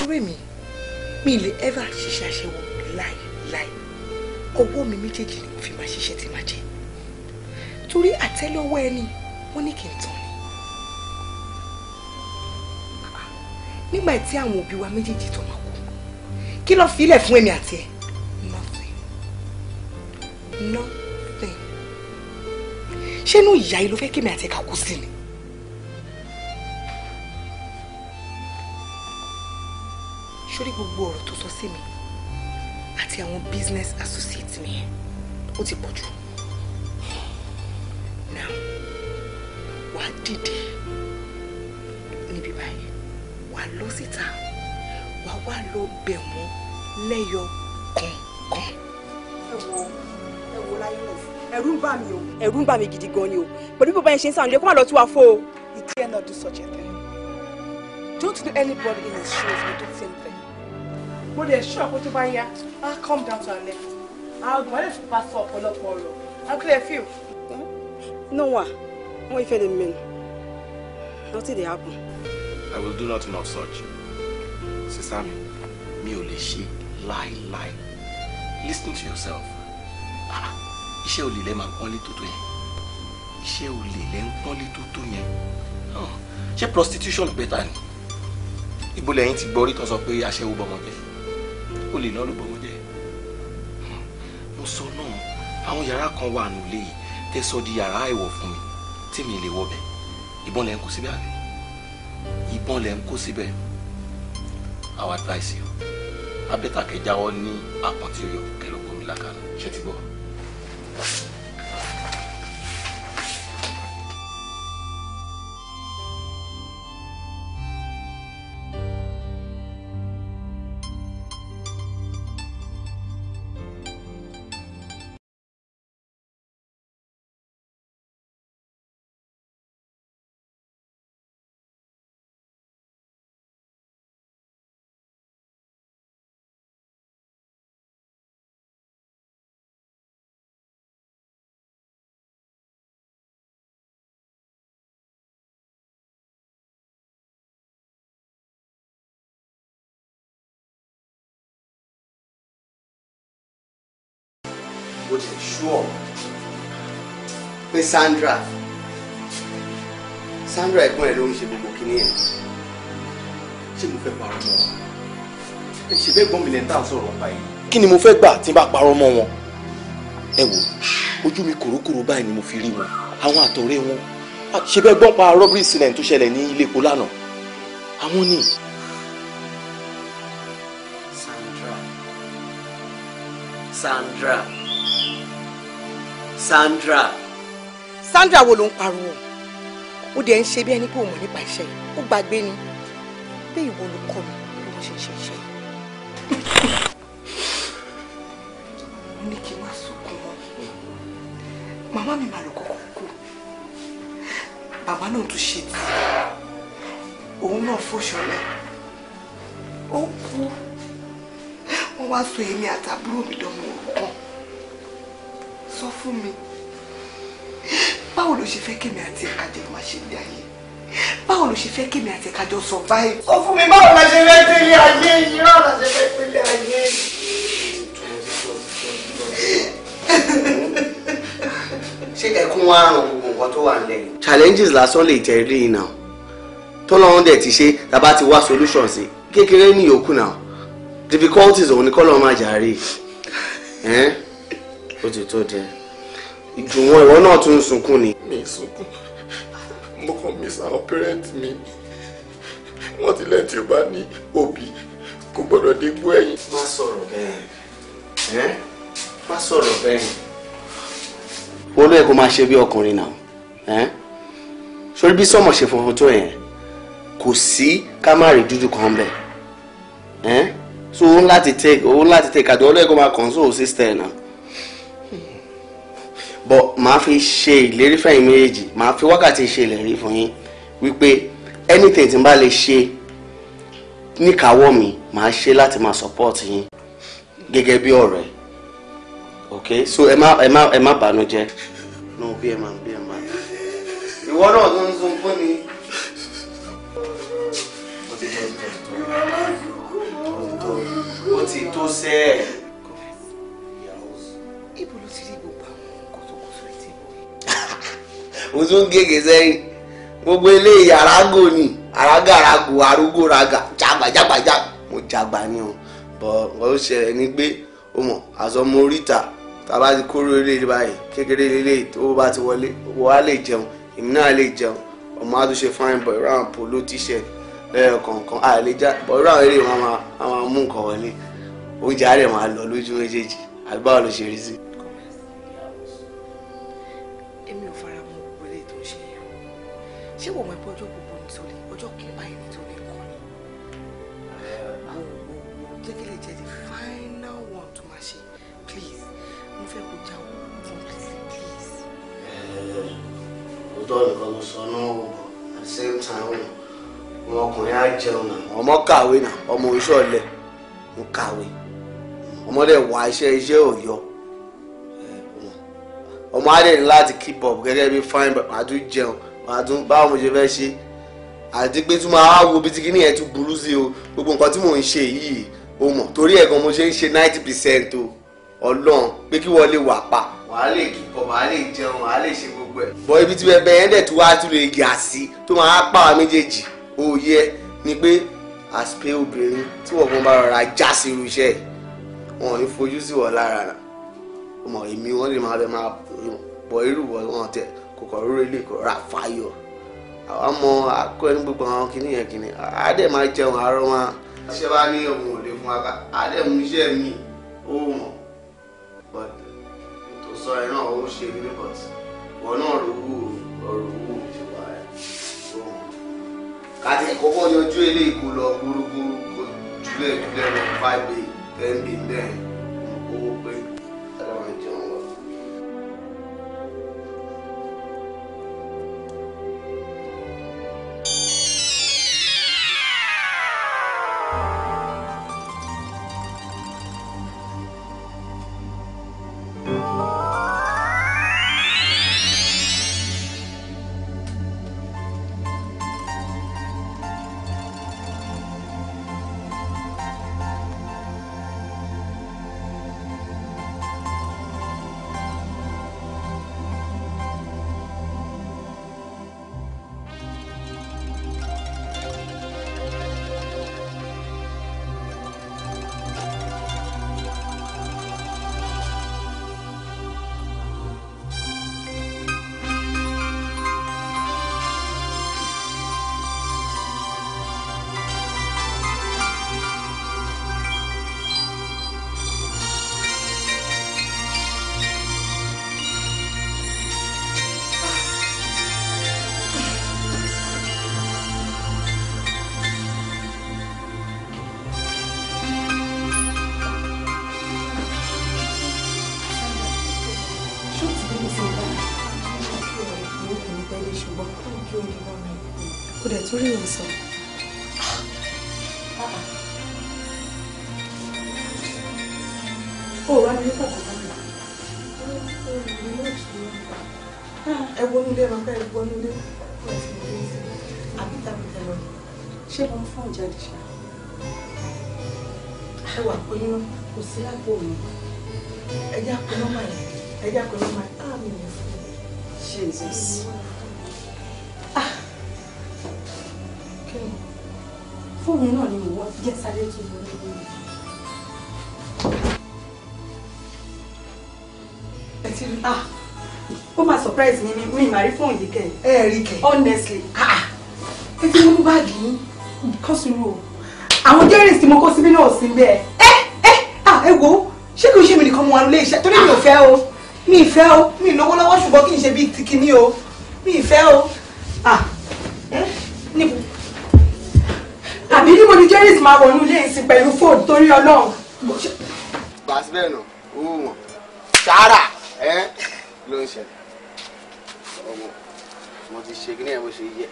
Speaker 2: ọ̀rẹ́ mi mi lè ẹ́fà ṣiṣẹ́ aṣẹ́wó láì láì ọwọ́ mi méjèèjì ni mo fi máa ṣiṣẹ́ tí máa jẹ torí àtẹ́lẹwọ́ ẹni wọ́n ní kí n tàn ni nígbà tí àwọn òbí wa méjèèjì tó máa kú kí ló fi ilẹ̀ fún èmi àti ẹ̀ nothing nothing ṣé inú ìyá yìí ló fẹ́ kí èmi àti ẹ̀ kú sí ni. sórí gbogbo ọ̀rọ̀ tó sọ sí mi àti àwọn business associates mi yẹn ó ti pọ̀ jù now wàá dìde níbi báyìí wàá lọ síta wàá wá lọ bẹ̀ wọ́n lẹ́yọ kọ̀ọ̀kan. ẹ wo ẹ wo láyé o ẹ̀rù ń bà mí o ẹ̀rù ń bà mí gidi gan ni o pẹ̀lú bí bàbá yẹn ṣe ń sàn lé kó má lọ tú wa fó o. you dare not do such a thing don't do anybody in his shoes with the same thing mo dẹ̀ ṣú àpò tó bá yá á come down to our I'll level pass up a lot more. I'll clear a few. Hmm? no wa wọn ìfẹ́ lè mẹ́nu
Speaker 3: nothing they happen.
Speaker 7: i will do nothing of such sister me, mi ò lie. ṣe listen to yourself ah, iṣẹ́ olè lẹ́ máa ń pọ́nlé tó tó yẹn iṣẹ́ olè lẹ́ ń pọ́nlé tó tó yẹn ah, ṣé prostitution better Ibu le lẹ́yìn bori gbọ́ orí tó sọ pé aṣẹ́wó bọ́mọ kò lè lọ́ọ́ lùbọ̀mọ́ jẹ́ mo sọ náà àwọn yàrá kan wà nílé yìí tẹ́ sọ di yàrá ìwọ̀ fún mi tí mi lè wọbẹ̀ ìbọn lẹ́ ń kó síbẹ̀ àbí ìbọn lẹ́ ń kó síbẹ̀ our advice yìí abẹ́tàkẹ́jáwọ́ ní àpọ̀ntì ọyọ kẹlẹ́gbọ̀n mi lákàánú ṣe ti gbọ́.
Speaker 6: o dẹ̀ ṣúọ̀ pé Sandra Sandra ẹ̀gbọ́n
Speaker 7: ẹ̀ ló ń ṣe gbogbo kíní ẹ̀ ṣé mo fẹ́ parọ́ mọ́ wọn ṣe fẹ́ gbọ́n mi lẹ́nu tá à ń sọ̀rọ̀ ọ̀pá yìí. kí ni mo fẹ́ gbà tí n bá parọ́ mọ́ wọn. ẹ wo ojú mi kòrókòró báyìí ni mo fi rí wọn àwọn àtọ̀rẹ́ wọn ṣe fẹ́ gbọ́n pa robbery incident tó ṣẹlẹ̀ ní ilé epo lánàá àwọn ni.
Speaker 1: Sandra Sandra.
Speaker 2: Sandra. Sandra wo ló ń pariwo ó dẹ̀ ń ṣe bí ẹni pé òun nípa iṣẹ́ yìí ó gbàgbé ni pé ìwọ ló kọ́ mi bí mo ṣe ń ṣe iṣẹ́ yìí. mo ní kí n má sunkún mọ́ màmá mi máa lọ kọ́kọ́ kú bàbá náà tún ṣe tí òun náà fòṣọlẹ̀ ó kú wọ́n wá so èmi àtàbúrò mi dánwò kan sọ fún mi báwo ló ṣe fẹ́ kémi àti ìkàjọ máa ṣe ilé ayé báwo ló ṣe fẹ́ kémi àti ìkàjọ survive. sọ fún mi báwo la ṣe fẹ́ gbélé ayé yìí báwo la ṣe fẹ́
Speaker 4: gbélé ayé yìí.
Speaker 1: ṣé ẹkún wa ràn gbogbo nǹkan tó wà nílẹ̀ challenges lásán lè jẹ́ rí iná tọ́lọ́run dẹ̀ ti ṣe tàbá ti wá solution sí kékeré ní ìyókù náà difficulties òun ni kọ́lọ́ máa jà rí. otu ti tó dẹ
Speaker 5: ìdùnwọ̀n ìwọ náà tún ń sunkún ni. mi sunkún mo kàn miss àwọn parents mi
Speaker 6: wọ́n ti lẹ́yìn tí ó bá ní òbí kò gbọ́dọ̀ dé
Speaker 1: gbó ẹ̀yìn. má sọ̀rọ̀ bẹ́ẹ̀ má sọ̀rọ̀ bẹ́ẹ̀. máa ṣe bí ọkùnrin náà sórí bí sọmọ ṣe funfun tó yẹn kò sí ká má kan so òun láti take òun láti take àdó olóyè máa sister bọ̀ màá fi ṣe ìlérí fẹ̀yìn méjèèjì màá fi wákàtí ṣe ìlérí fún yín wípé anything tí n bá lè ṣe níkàáwọ́ mi màá ṣe láti máa support yín gẹ́gẹ́ bí ọ̀rẹ́ ok so ẹ má ẹ má ẹ má bànú no bí ẹ má bí ẹ má ìwọ náà ló ń sunkún ni. ó ti tó sẹ́ẹ̀. o tún gègé sẹ́yìn gbogbo eléyìí àrágò ni àrágà àrágò arúgbó raga jàgbàjàgbàjà mo jàgbà ni o bọ̀ ọ̀ ó ṣẹlẹ̀ ni pé o mọ̀ àsọmọ oríta tàbá ti kóró eléyìí báyìí kékeré eléyìí tó bá ti wọlé wọ́n á lè jẹun èmi náà lè jẹun ọmọ àtúnṣe fine boy round polo t-shirt lẹ́yìn kọ̀ọ̀kan àìlèjà bọ̀ round eré wọn máa mú nǹkan wọlé oúnjẹ àárẹ̀ máa lọ lójú méjèèjì àgbáwọ̀ ló ṣe rí sí i.
Speaker 2: ṣé wọ́n mọ̀ ẹ́ pé ọjọ́ gbogbo ní tó lè ọjọ́ kí báyìí ní tó lè ni. wo wo jẹ́ kí lè jẹ́ the final one tó máa ṣe please mo fẹ́ kó jáwọ́ fún please please.
Speaker 1: òótọ́ nìkan ló sọ náà wò bọ̀ at the same time wọn ọkùnrin á jẹun náà. ọmọ kàwé náà ọmọ iṣẹ́ ọ̀lẹ ń kàwé ọmọdé wà iṣẹ́ iṣẹ́ ọ̀yọ́ ọmọ adé ní láti keep up gẹ́gẹ́ bí fine but àdújẹun màá tún báwo mo ṣe fẹ́ ṣe àti pé tún máa wo bí tíkí nìyẹn tún burú sí o gbogbo nǹkan tí mò ń ṣe yìí o mọ̀ torí ẹ̀ gan mo ṣe ń ṣe ninety percent o ọlọ́run pé kí wọ́n lè wà pa. wàá lè kíkọ wàá lè jẹun wàá lè ṣe gbogbo ẹ̀. bọ ibi tí bẹbẹ yẹn dẹ̀ tún wá tún lè gà sí tó máa pa àwọn méjèèjì òye ni pé àsìpé obìnrin tí wọ́n fún bá rọra já sí irú iṣẹ́ yìí wọn ò ní fojú sí wọn lára rà ọmọ èmi wọn lè máa bẹ máa pọ̀ irú wọn tẹ̀ kò kàn róró ilé kò rà fáyọ̀ àwọn ọmọ akọ ẹni gbogbo àwọn kìnìún yẹn kìnìún àádẹ máa jẹun àárọ̀ wọn. iṣẹ́ bá ní òun ò lè fún wa ká àádẹ mú iṣẹ́ mi ó mọ̀ but tó sọ ẹ náà ó ṣe mí but wọn náà ló wù ọ̀rọ̀ wù ṣe wà ẹ̀ ó mọ̀. kàtí ìkọ́kọ́ yanjú eléyìí lọ gbúrúgbúrú kó jùlẹ̀ jùlẹ̀ lọ five day ten bay ten owó pé.
Speaker 2: ti rí. Ah, ó máa surprise mi mi ìmà rí fóònù yìí kẹ. ẹ rí kẹ. honestly ah, ah. ẹ ti mú báàgì yín kọ́ sùúrù o àwọn jẹ́rìsì tí mo kó síbí náà sí bẹ́ẹ̀. ẹ ẹ ẹ wo ṣé kí n ṣe mi nìkan mo wà nílé iṣẹ́ torí mi ò fẹ́ o mi ì fẹ́ o mi ì lówó lọ́wọ́ ṣùgbọ́n kí n ṣe bíi tìkìní o mi ì fẹ́ o. níbo àbí níbo ni jẹ́rìsì máa wọnú ilé ìsìn pẹ̀lú fóònù torí ọlọ́run.
Speaker 1: gbàsíbẹ̀ nù ó wọ̀n sáárà. ẹ ló ń ṣẹlẹ̀ ọmọ mo ti ṣe kíní ẹ bó ṣe yẹ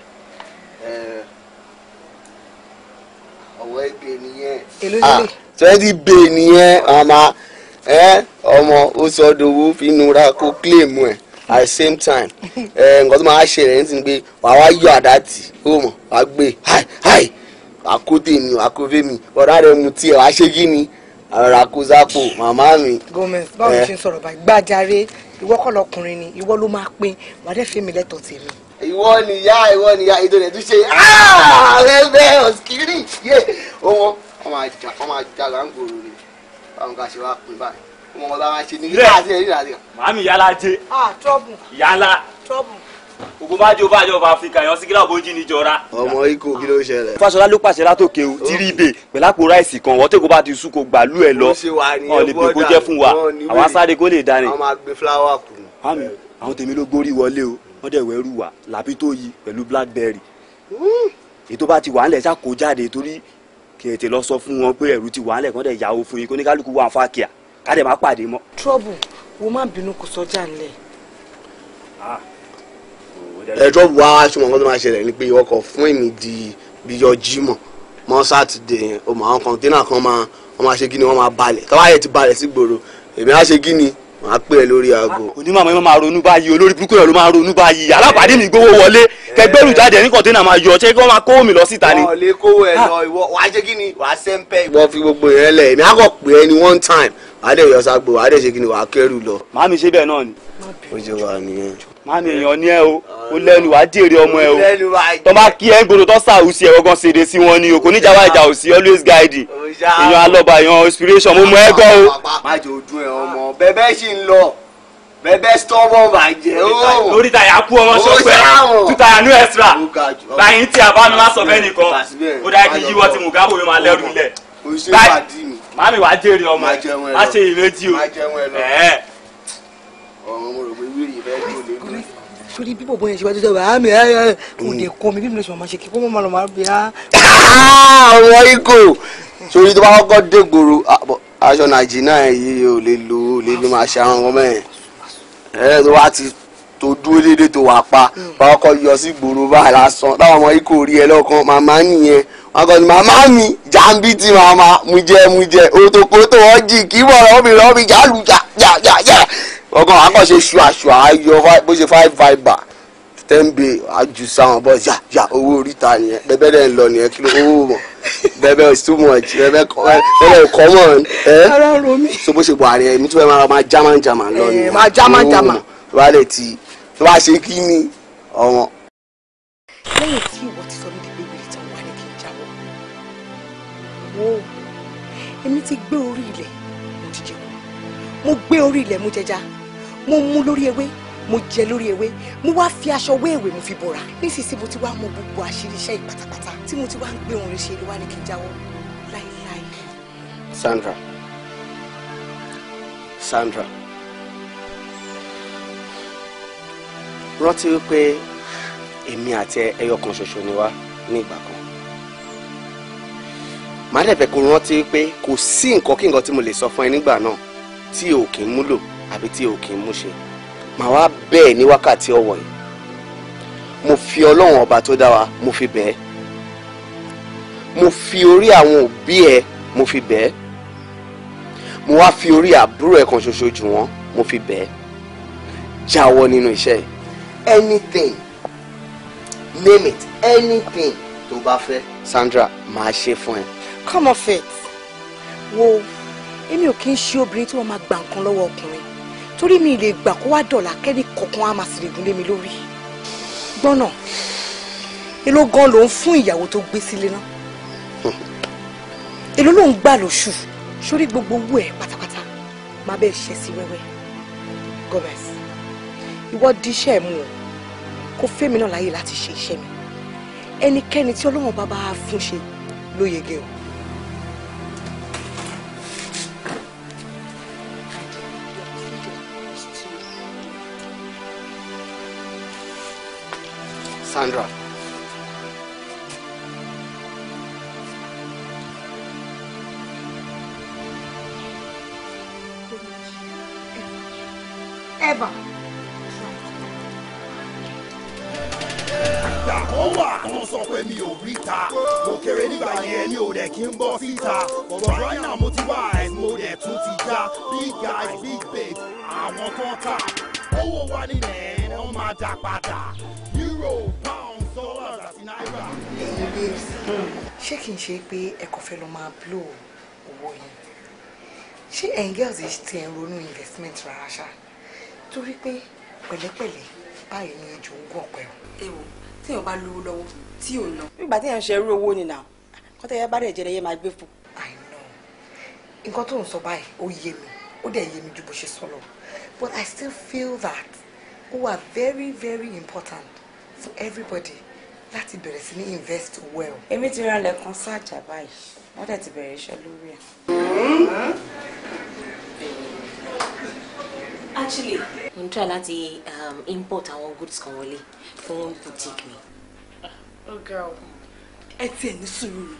Speaker 1: ẹ ebe ẹgbẹ nìyẹn. èló lélẹ̀. twenty bay nìyẹn àmà ẹ ọmọ o sọ dowó fi nura kó claim ẹ at the same time *laughs* ẹ nǹkan tó máa ṣe rẹ̀ ní ti gbé wàá wá yọ àdá tì ó mọ̀ wàá gbé háì háì àkótè mi àkófé mi ọ̀dà mu tiẹ̀ ṣe kí ni. ara kó sápò màmá mi.
Speaker 2: Gomez báwo ló eh. ṣe ń sọ̀rọ̀ báyìí gbàjáre ìwọ kọ́ lọkùnrin ni ìwọ ló máa pín wàá dẹ́ fèmí lẹ́tọ̀ọ́ tèmi.
Speaker 1: ìwọ nìyá ìwọ nìyá ètò rẹ̀ tún ṣe rẹ́bẹ̀ ah, ọ̀sìkìrì yé ọmọ ọmọ àjà ọmọ àjà gàǹgòrò ni báwọn ká ṣe wá pín báyìí ọmọ ọba wa ṣe ní. rẹ màmí yálà jẹ. ah trouble. yálà. trouble ògùn má jó fàájọ fún áfíríkà yan sígírà bójì ní jọra. ọmọ ikú kí ló ṣẹlẹ̀. Fáṣọlá ló pàṣẹ látòkè o tírí ibè pẹ̀lú àpò ráìsì kan wọ́n tẹ́kọ̀ọ́ bá ti sùn kó gbàlú ẹ̀ lọ ọ̀ lè pè kó jẹ́ fún wa àwa sáré kó lè darin. àwọn máa gbé fúláwà kù. àmì àwọn tèmi ló gbórí wọlé o wọ́n dẹ̀ wẹ́rù wà làbí tó yí pẹ̀lú blackberry. Hmm. ètò bá ti wà ńlẹ̀ sá kó jáde torí kẹ̀tẹ̀ lọ sọ fún wọn pé ẹ̀rù ti wà ńlẹ̀ kọ́ dẹ̀ yàwó fún yín kó ní kálukú wà fún àkíyà ká dẹ̀ má pàdé mọ́. trouble
Speaker 2: wo má bínú kò sọjà ńlẹ̀. Ah
Speaker 6: ẹjọ
Speaker 1: wá aṣọmọ nǹkan tó máa ṣẹlẹ̀ ni pé ọkọ̀ fún èmi di bíyọ jímọ̀ mọ́ sátidé yẹn o mọ̀ àwọn kọ̀ǹténà kan máa wọ́n máa ṣe gíní wọ́n máa balẹ̀ káwáyé ti balẹ̀ sí gbòòrò èmi á ṣe gíní màá pè é lórí aago. Ah, onímọ̀ àmọ́ ẹ máa ronú báyìí olórí burúkú yẹn ló máa ronú báyìí alábàádé mi gbowó wọlé kẹgbẹ́rù jáde ní kọ̀ǹténà máa yọ ṣé kí wọ́n máa kó mi lọ síta ni. wọ́n lè kówó ẹ lọ ah. ìwọ wàá ṣe gíní wàá sẹ́ńpẹ́. wọ́n fi gbogbo yẹn lẹ̀ èmi á kọ̀ pé ẹ ní one time wàá dẹ̀ yọ ságbó wàá dẹ̀ ṣe gíní wàá kẹ́rù lọ. màá mi ṣe bẹ́ẹ̀ náà ni. ó jẹ́ wà nìyẹn mami èèyàn ní ẹ o ó lẹ́nu wàá jèrè ọmọ ẹ o tó bá kí ẹ ń gbòdò tó sàwùsí ẹ gbọ́ngàn ṣèdè sí wọn ni o kò níjà wájà ò sí always guide èèyàn alọ́ba èèyàn inspiration mo mọ ẹ gbọ́ o. májò ojú ẹ ọmọ bẹbẹ sì ń lọ bẹbẹ stọmọ bàjẹ́ o. lórí tàyà kú ọmọ sọpẹ tú tàyà ní extra báyìí tí a bá mi má sọ fẹ́ nìkan ó dáa kí yíwọ́ ti Mugabe yóò máa lẹ́rù lẹ̀ báyìí mami wàá jèrè ọmọ má ṣe ìrètí o
Speaker 2: sori bí bọ̀bọ̀ yẹn ṣe wá tó sọ wàá mi ẹ òde kọ́ mi bí mi lè sọ ma ṣe kí kó mọ̀ lọ́ máa bí a.
Speaker 4: àwọn ikọ̀
Speaker 2: sori tó bá kọ́kọ́ dé gbòòrò
Speaker 1: ah, aṣọ nàìjíríà yìí ò lè lo ò lè fi máa ṣe àwọn ọmọ ẹ̀ ẹ̀ tó wá ti tó dúró déédéé tó wà pa bá ọkọ yọ sí gbòòrò báyìí lásán táwọn ọmọ ikọ̀ rí ẹ lọ́kàn màmá nìyẹn wọn kọ ni màmá mi jàǹbìtì màmá mu jẹ mu jẹ òtòkòtò ọjì kí bọ̀rọ̀ mi rọ́ mi jà lù jà jà jà jà ọgọ́ akọ́ṣe ṣùàṣùà ayọ bó ṣe five viber ten b àjù sáwọn bọ́ yà yà owó oríta yẹn bẹ́bẹ́ dẹ̀ ń lọ nìyẹn kí ló owó mọ̀ bẹ́bẹ́ it's too much bẹ́bẹ́ bẹ́bẹ́ common
Speaker 6: ẹ́
Speaker 1: so bó ṣe buhari ẹ̀ mi tún bẹ́ẹ̀ máa german german lọ nìyẹn máa german german tó bá lè ti tó bá ṣe kí ni ọ̀wọ́n.
Speaker 6: lẹ́yìn tí ìwọ
Speaker 2: ti sọ mí di bébí ìtàn wà ní kí n jáwọ́ wo èmi ti gbé orí ilẹ̀ mo ti jẹun mo gbé orí ilẹ̀ mo jẹja mo mú lórí ewé mo jẹ lórí ewé mo wá fi aṣọ wéèwé mo fi bora nísinsìnyí mo ti wá mọ gbogbo àṣírí iṣẹ́ ìpátápátá tí mo ti wá ń gbé òun ṣe ló wá ní kí n jáwọ́ láéláé.
Speaker 1: Sandra Sandra rántí wípé èmi àti ẹyọ kan ṣoṣo ni wá ní ìgbà kan màá dẹ̀ fẹ́ kó rántí pé kò sí nǹkan kí nǹkan tí mo lè sọ fún ẹ nígbà náà tí ò kì í múlò àbí tí o kì í mú ṣe màá wá bẹ́ẹ̀ ní wákàtí ọ̀wọ̀ yìí mo fi ọlọ́run ọba tó dá wa mo fi bẹ́ẹ̀ mo fi orí àwọn òbí ẹ mo fi bẹ́ẹ̀ mo wá fi orí àbúrò ẹ kan ṣoṣo jù wọ́n mo fi bẹ́ẹ̀ jáwọ́ nínú iṣẹ́ anything name it anything tó bá fẹ́ Sandra màá ṣe fún ẹ.
Speaker 2: come off it wo èmi ò kí ń ṣe obìnrin tí wọ́n máa gba nǹkan lọ́wọ́ ọkùnrin torí mi lè gbà kó wá dọ̀là kẹ́ni kọ̀ọ̀kan á máa sèrègùn lé mi lórí gbọ́nà èló gan ló ń fún ìyàwó tó gbé sílé náà èló ló ń gbà lóṣù sórí gbogbo owó ẹ̀ pátápátá má bẹ́ẹ̀ ṣe sí wẹ́wẹ́ Gomez ìwọ di iṣẹ́ mu o kó fẹ́mi náà láàyè láti ṣe iṣẹ́ mi ẹnikẹ́ni tí Ọlọ́run bá bá fún ṣe ló yege o.
Speaker 5: Sandra. Eba. Ìgbà kan wà tó sọ pé
Speaker 4: mi ò rí ta. Mo kéré nígbà yẹn mi ò dẹ̀ kí n bọ́ síta. Bọ̀bọ̀ Brian mo ti wá ẹ̀ mo dẹ̀ tún ti já. Big guy big babe àwọn kan ta. Owó wa nílẹ̀ ẹ̀ wọ́n máa dá padà euro pounds dollars àti náírà. ṣé
Speaker 2: kì í ṣe pé ẹ kò fẹ́ lọ máa blow owó yẹn ṣé ẹ̀yin girls yìí ti ẹ̀ ronú investment rárá ṣá torí pé pẹ̀lẹ́pẹ̀lẹ́ báyìí ni ojú ogún ọ̀pẹ o. ẹ wo tí èèyàn bá lówó lọ́wọ́ tí ò ná. nígbà tí èèyàn ṣe irú owó ni nà kọ́tà yẹn bá rẹ̀ jẹ́rẹ̀ yẹn máa gbé fún. I know nǹkan tó ń sọ báyìí ó yé mi ó dẹ̀ yé mi ju bó ṣe sọ lọ but I still feel that ó wà very very important fún everybody láti bẹ̀rẹ̀ sí ní invest well.
Speaker 3: èmi ti ra lẹ́kan sáàjà báyìí wọ́n dẹ̀ ti bẹ̀rẹ̀ iṣẹ́ lórí
Speaker 6: ẹ̀.
Speaker 3: actually mo ń try láti um, import àwọn goods kan wọlé fún boutique mi. Oh girl, ọ ẹ tiẹ̀ ní sùúrù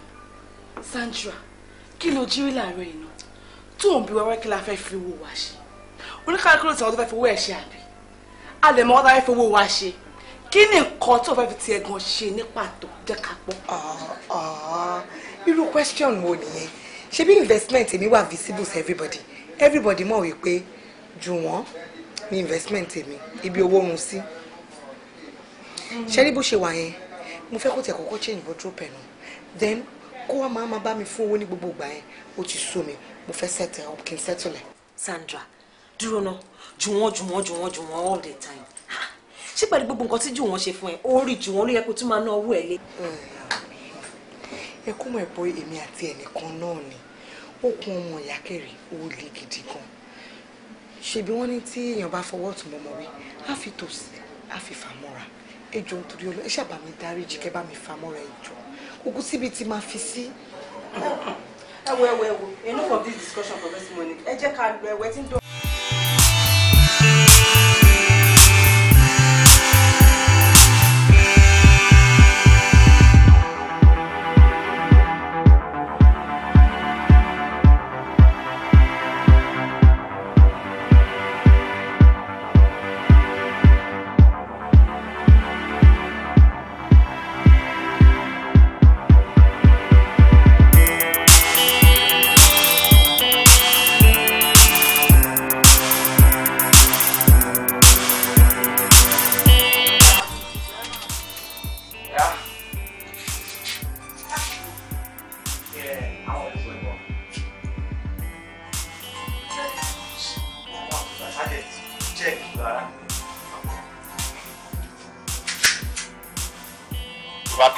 Speaker 3: Sandra kí ló jírí láàárọ̀ iná
Speaker 2: tó ń bi wáwá kí la fẹ́ fi owó wa ṣe oníkàlùkù ló sọ ọ́ tó fẹ́ fi owó ẹ̀ ṣe àbí a lè mọ ọ́ tó fẹ́ fi owó wa ṣe kí ni nǹkan tó fẹ́ fi ti ẹ̀gàn ṣe ní pàtó jẹ́ ká pọ̀. irú question wo nìyẹn ṣebí investment èmi wà visible to everybody everybody mọ̀ wípé jù wọ́n ní investment èmi ibi owó run sí mm-hmm. ṣe ní bó ṣe wà yẹn mo fẹ́ kó tẹ̀ kọ́kọ́ change wardrobe ẹ̀ then kó wá máa ma bá mi fún owó ní gbogbo ìgbà yẹn ó ti sú mi mo fẹ́ settle up kí n settle
Speaker 3: Sandra dúró náà jù wọ́n jù wọ́n jù wọ́n jù wọ́n all the
Speaker 6: time
Speaker 2: ṣé pẹ̀lú gbogbo nǹkan tí jù wọ́n ṣe fún ẹ ó rí jù wọ́n ló kó tún máa ná owó ẹ lé. ẹ kó mọ̀ èmi àti ẹnìkan náà ni ó kún ọmọ ìyá kẹrì ó le gidi gan ṣebí wọ́n ní tí èèyàn bá fọwọ́ tún mọ́mọ́ rí á fi tòsí á fi fà mọ́ra ẹ jọ̀ọ́ nítorí Ọlọ́run ẹ ṣàbà mi dáríjì kẹ́ bá mi fà mọ́ra ẹ kókó síbi tí máa fi sí. ẹ wo ẹ enough of this discussion for this morning ẹ jẹ́ ká lo ẹwẹ́ tí ń dọ̀.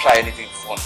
Speaker 7: try anything fun.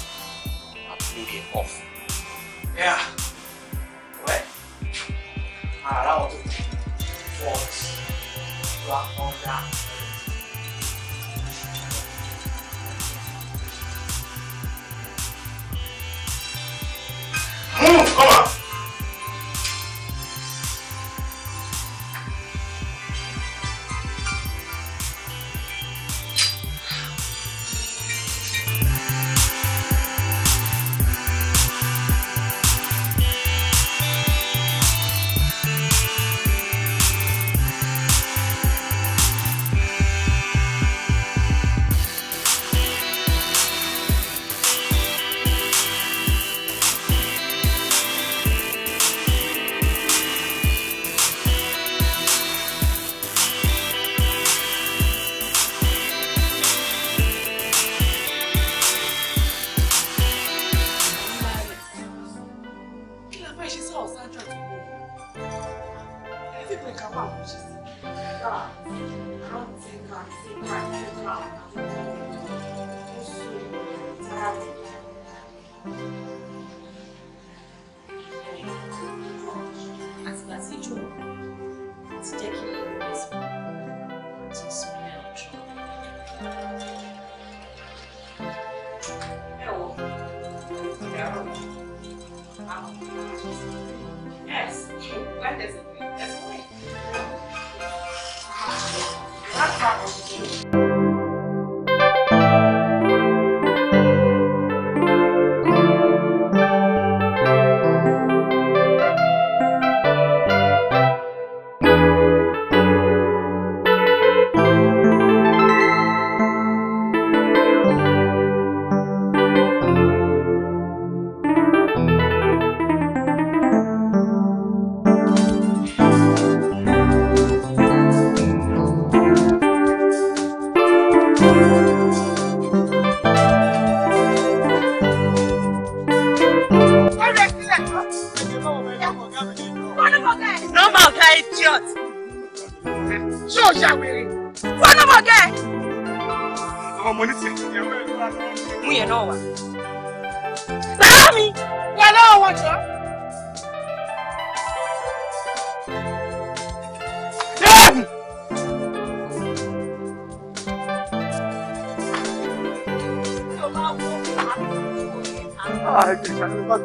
Speaker 5: àti báwo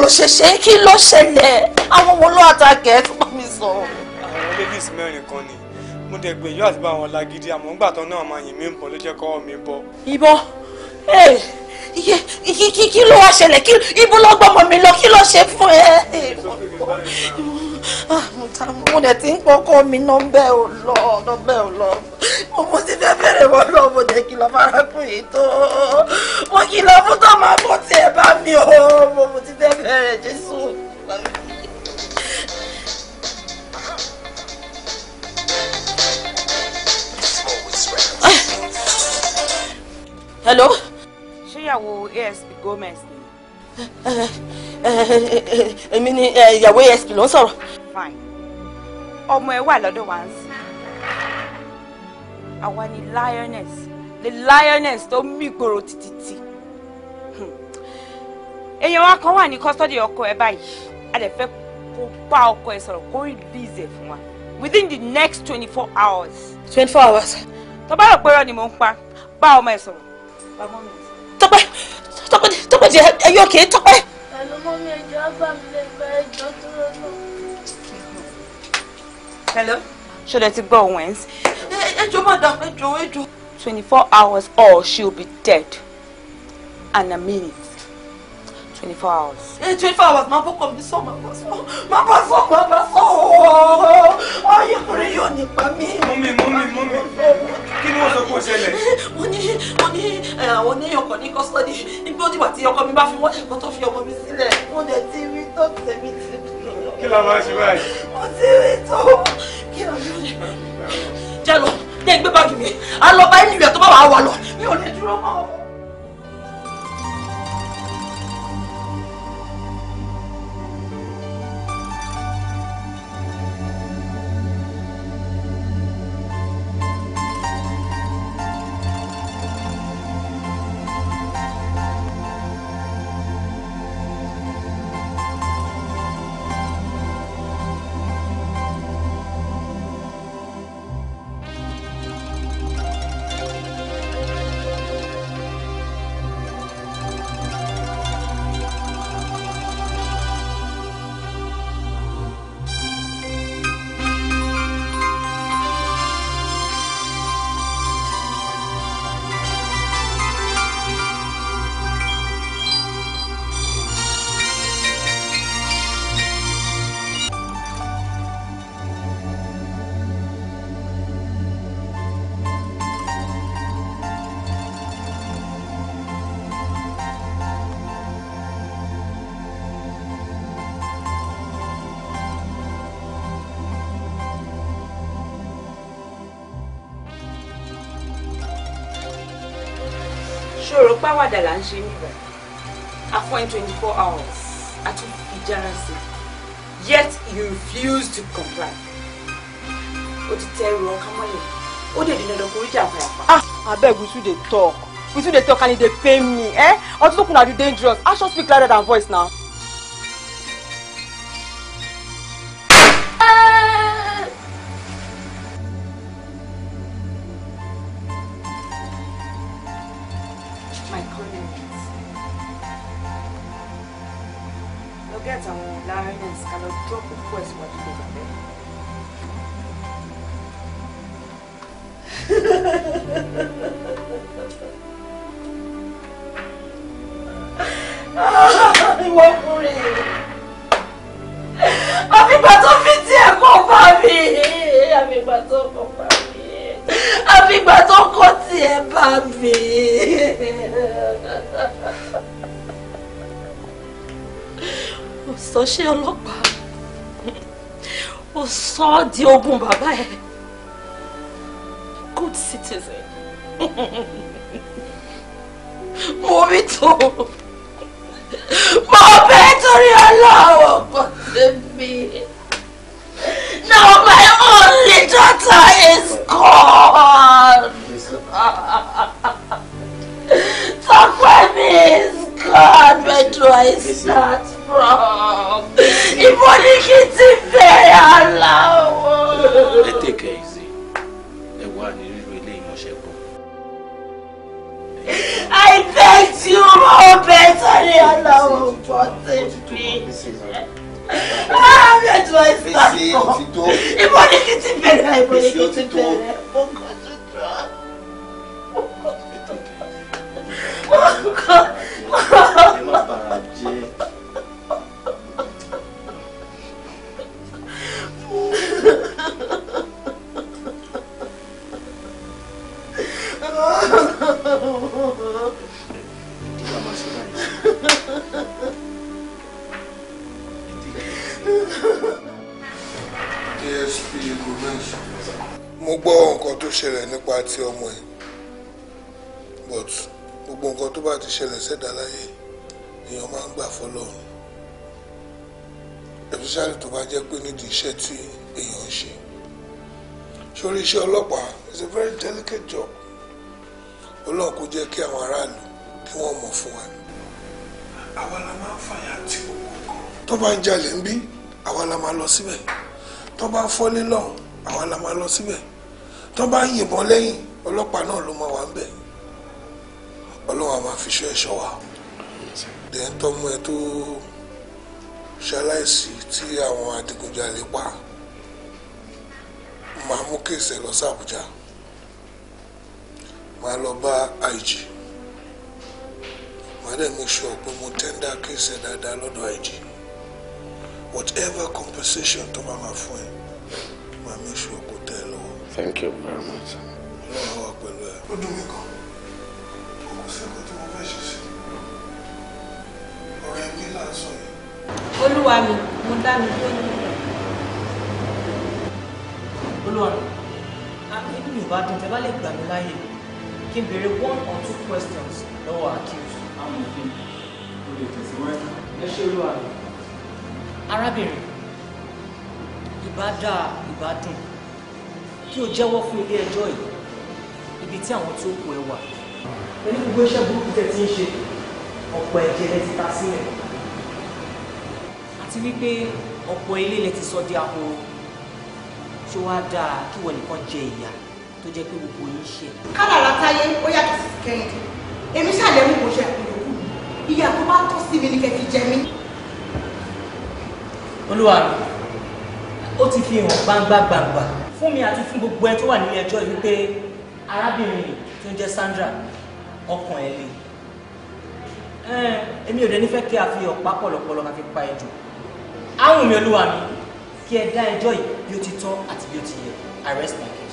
Speaker 3: ló ṣe ṣe kí ló ṣẹlẹ̀ àwọn ọmọ olóhùn àtàkẹ́ tó bá mi sọ. àwọn
Speaker 1: ladies mẹ́rin kan ni mo dẹ̀ gbìyànjú àti bá wọn lágídí àmọ́ ńgbà tán náà máa yìn mí ń bọ̀ ló jẹ́
Speaker 3: kọ́wọ́ mi bọ̀. ìbọn Eh, kí ló wá ṣẹlẹ̀ kí ibo ló gbọ́mọ mi lọ kí ló ṣe fún ẹ. Ah, mo dẹ̀ ti ń pọkọ mi nọ́mbẹ́ ò lọ nọ́mbẹ́ ò lọ mo ti fẹ́ bẹ̀rẹ̀ wọn lọ mo dẹ̀ kìlọ̀ fárákùnrin tó mo kìlọ̀ fún tó máa bọ́ tiẹ̀ bá mi o mo
Speaker 4: ti fẹ́ bẹ̀rẹ̀ jésù. Eh.
Speaker 2: Hello? ìyàwó ASP Gomez ni.
Speaker 3: èmi ni eh, ìyàwó ASP ló ń sọ̀rọ̀.
Speaker 2: fine ọmọ ẹ wà lọ́dọ̀ wa ń sìn
Speaker 3: àwa ni lioness
Speaker 2: the lioness tó mí gbòòrò títí hmm. èèyàn wa kan
Speaker 3: wà ní custody ọkọ ẹ báyìí a lè fẹ́ kó bá ọkọ ẹ sọ̀rọ̀ kó release ẹ fún wa within the next twenty four hours. twenty four hours. tó bá rò pé rọ ni mò ń pa bá ọmọ ẹ sọ̀rọ̀
Speaker 6: bá mọ́ mi. Tọ́pẹ́
Speaker 3: Tọ́pẹ́ Tọ́pẹ́ ti ẹyọ kìí Tọ́pẹ́. ẹnu mọ mi ẹjọ bá mi lè gba ẹjọ dúró náà. hello ṣọlẹ ti gbọ́ ohun ẹ ń sìn. ẹjọ madam ẹjọ ẹjọ. twenty four
Speaker 2: hours or she will be dead and a minute. 24 hours.
Speaker 3: ẹ eh, 24 hours máa bọ́kọ̀ mi sọ máa bá sọ máa bá sọ máa bá sọ
Speaker 2: ooo
Speaker 3: ayọkùnrin yóò nípa mi. mọ́mí mọ́mí mọ́mí kí ni wọ́n sọ kó ṣẹlẹ̀. mo ní mo ní eh, àwọn oníyọkọ ní kọ́sítọ́dì níbi ó dìgbà what ọkọ mi bá fi wọ́n ẹ̀kọ́ tó fi ọmọ mi sílẹ̀ mo dẹ̀ ti rí tó tẹ̀mí ti dùn. kí la máa ṣe báyìí. mo ti rí tó kí la máa ṣe báyìí. jẹ́ lọ jẹ́ gbé báàgì mi àlọ́ bá ẹni rẹ̀ tó bá wà á wà
Speaker 2: mi ò lè dúró mọ́. àwàdà là ń ṣe níbẹ̀ afọ́n twenty four hours àti ìjára sí yet you refuse to comply ó ti tẹ ẹrù ọkàn mọ́lẹ̀ ó dè dín dandan kó rí jà fàyàfà. abeg ah, we too dey talk we too dey talk and e dey pain me eh ọtún tó kùnà do dangerous action speak louder than voice now.
Speaker 3: ṣe ọlọ́pàá ó sọ ọ́ di ogun bàbá ẹ̀.
Speaker 4: ṣe òtítọ́.
Speaker 2: ìbọn
Speaker 1: ni
Speaker 4: kí ti bẹ̀rẹ̀ ìbọn ni kí ti bẹ̀rẹ̀ ó kọ́ sí tọ́ ó kọ́
Speaker 5: mo gbọ́ nǹkan tó ṣẹlẹ̀ nípa ti ọmọ ẹ̀ but gbogbo nǹkan tó bá ti ṣẹlẹ̀ sẹ́dá láyé èèyàn máa ń gbà fọlọ́run especially tó bá jẹ́ pé nídìí iṣẹ́ tí èèyàn ń ṣe sórí iṣẹ́ ọlọ́pàá is a very delicate job ọlọ́run kò jẹ́ kí àwọn aráàlú kí wọ́n mọ̀ fún wa. àwa la máa ń fàyà tí gbogbo kan. tó bá ń jalè ń bí àwa la máa lọ síbẹ̀ tó bá ń fọ́lé lọ́hùn àwa la máa lọ síbẹ̀ tó bá ń yìnbọn lẹ́yìn ọlọ́pàá náà ló máa wà ń bẹ̀ ọlọ́run máa fi ṣọ́ ẹ̀ṣọ́ wa dẹ̀ ń tọ́mú ẹ tó ṣaláìsí tí àwọn adigunjalè pa máa mú kéèsì ẹ lọ sí Àbújá máa lọ bá IG máa dẹ̀ make sure pé mo tẹ́ńdà kéèsì ẹ dáadáa lọ́dọ̀ IG whatever compensation tó bá máa fún ẹ máa
Speaker 1: make sure kó tẹ́ ẹ lọ́wọ́. thank you very much.
Speaker 5: ọlọ́run wà pẹ̀lú ẹ. ó dùn mí kan kò kò sí ẹ̀kọ́ tí mo fẹ́ ṣe sí ọ̀rẹ́ mi là ń
Speaker 3: sọ yìí. olúwa mi mo dá mi tó ní ìlú.
Speaker 2: olúwa inú mi bá dùn tẹ́ bá lè gbà mí láàyè kí n béèrè
Speaker 6: one or two questions lọ́wọ́ accuse. àwọn òfin olè tẹ̀síwájú. ẹ ṣe olúwa mi.
Speaker 2: arábìnrin ìbá dáa ìbá dùn kí o jẹ́wọ́ fún ilé ẹjọ́ yìí ibi tí àwọn tó kù ẹ wà. ẹni gbogbo iṣẹ́ burúkú tẹ̀ ti ń ṣe ọ̀pọ̀ ẹ̀jẹ̀ lẹ ti ta sílẹ̀. àti wípé ọ̀pọ̀ ilé lẹ ti sọ di ahoro tó wá dáa kí wọ́n nìkan jẹ ìyà tó jẹ́ pé gbogbo yín ṣe. kádàrá táyé ó yàtọ̀ sí kẹ́hìndé èmi ṣàlẹ̀ mú kò ṣe àpèjọkù ìyà tó bá tọ́ sí mi ni kẹ́ fi jẹ mí. olúwa mi ó ti fi hàn gbangba gbangba fún mi àti fún gbogbo ẹ tó wà nílé ẹjọ́ yìí pé arábìnrin tó ń jẹ́ Sandra ọkàn ẹ̀ le èmi ò dé nífẹ̀ẹ́ kí a fi ọ̀pá pọ̀lọpọ̀lọ ká fi pa ẹjọ́ àwọn mi olúwa mi kí ẹ dá ẹjọ́ yìí bí ó ti tọ́ àti
Speaker 6: bí ó ti yẹ arrest my case.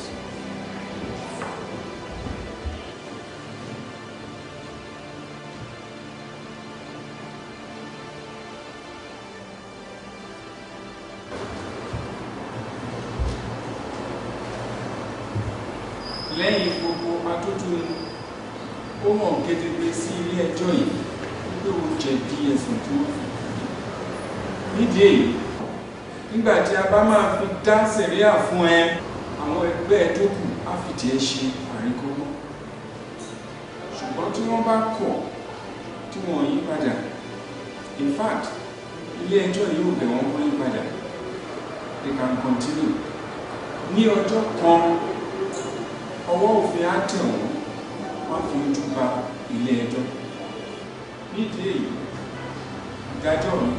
Speaker 6: hàn kedere sí ilé ẹjọ́ yìí wípé ó jẹ̀bi ẹ̀sùn tí wọ́n fi nídìí èyí nígbà tí a bá máa fi dá sẹ̀ríà fún ẹ àwọn ẹgbẹ́ ẹ tó kù á fìdí ẹ ṣe àríkọ́gbọ́n ṣùgbọ́n tí wọ́n bá kọ̀ tí wọ́n yí padà in fact ilé ẹjọ́ yóò bẹ̀ wọ́n wọ́n yí padà they can continue ní ọjọ́ kan ọwọ́ òfin á tẹ̀ wọ́n wọ́n fi ojú ba ilé ẹjọ́ nídìí èyí ìdájọ́ mi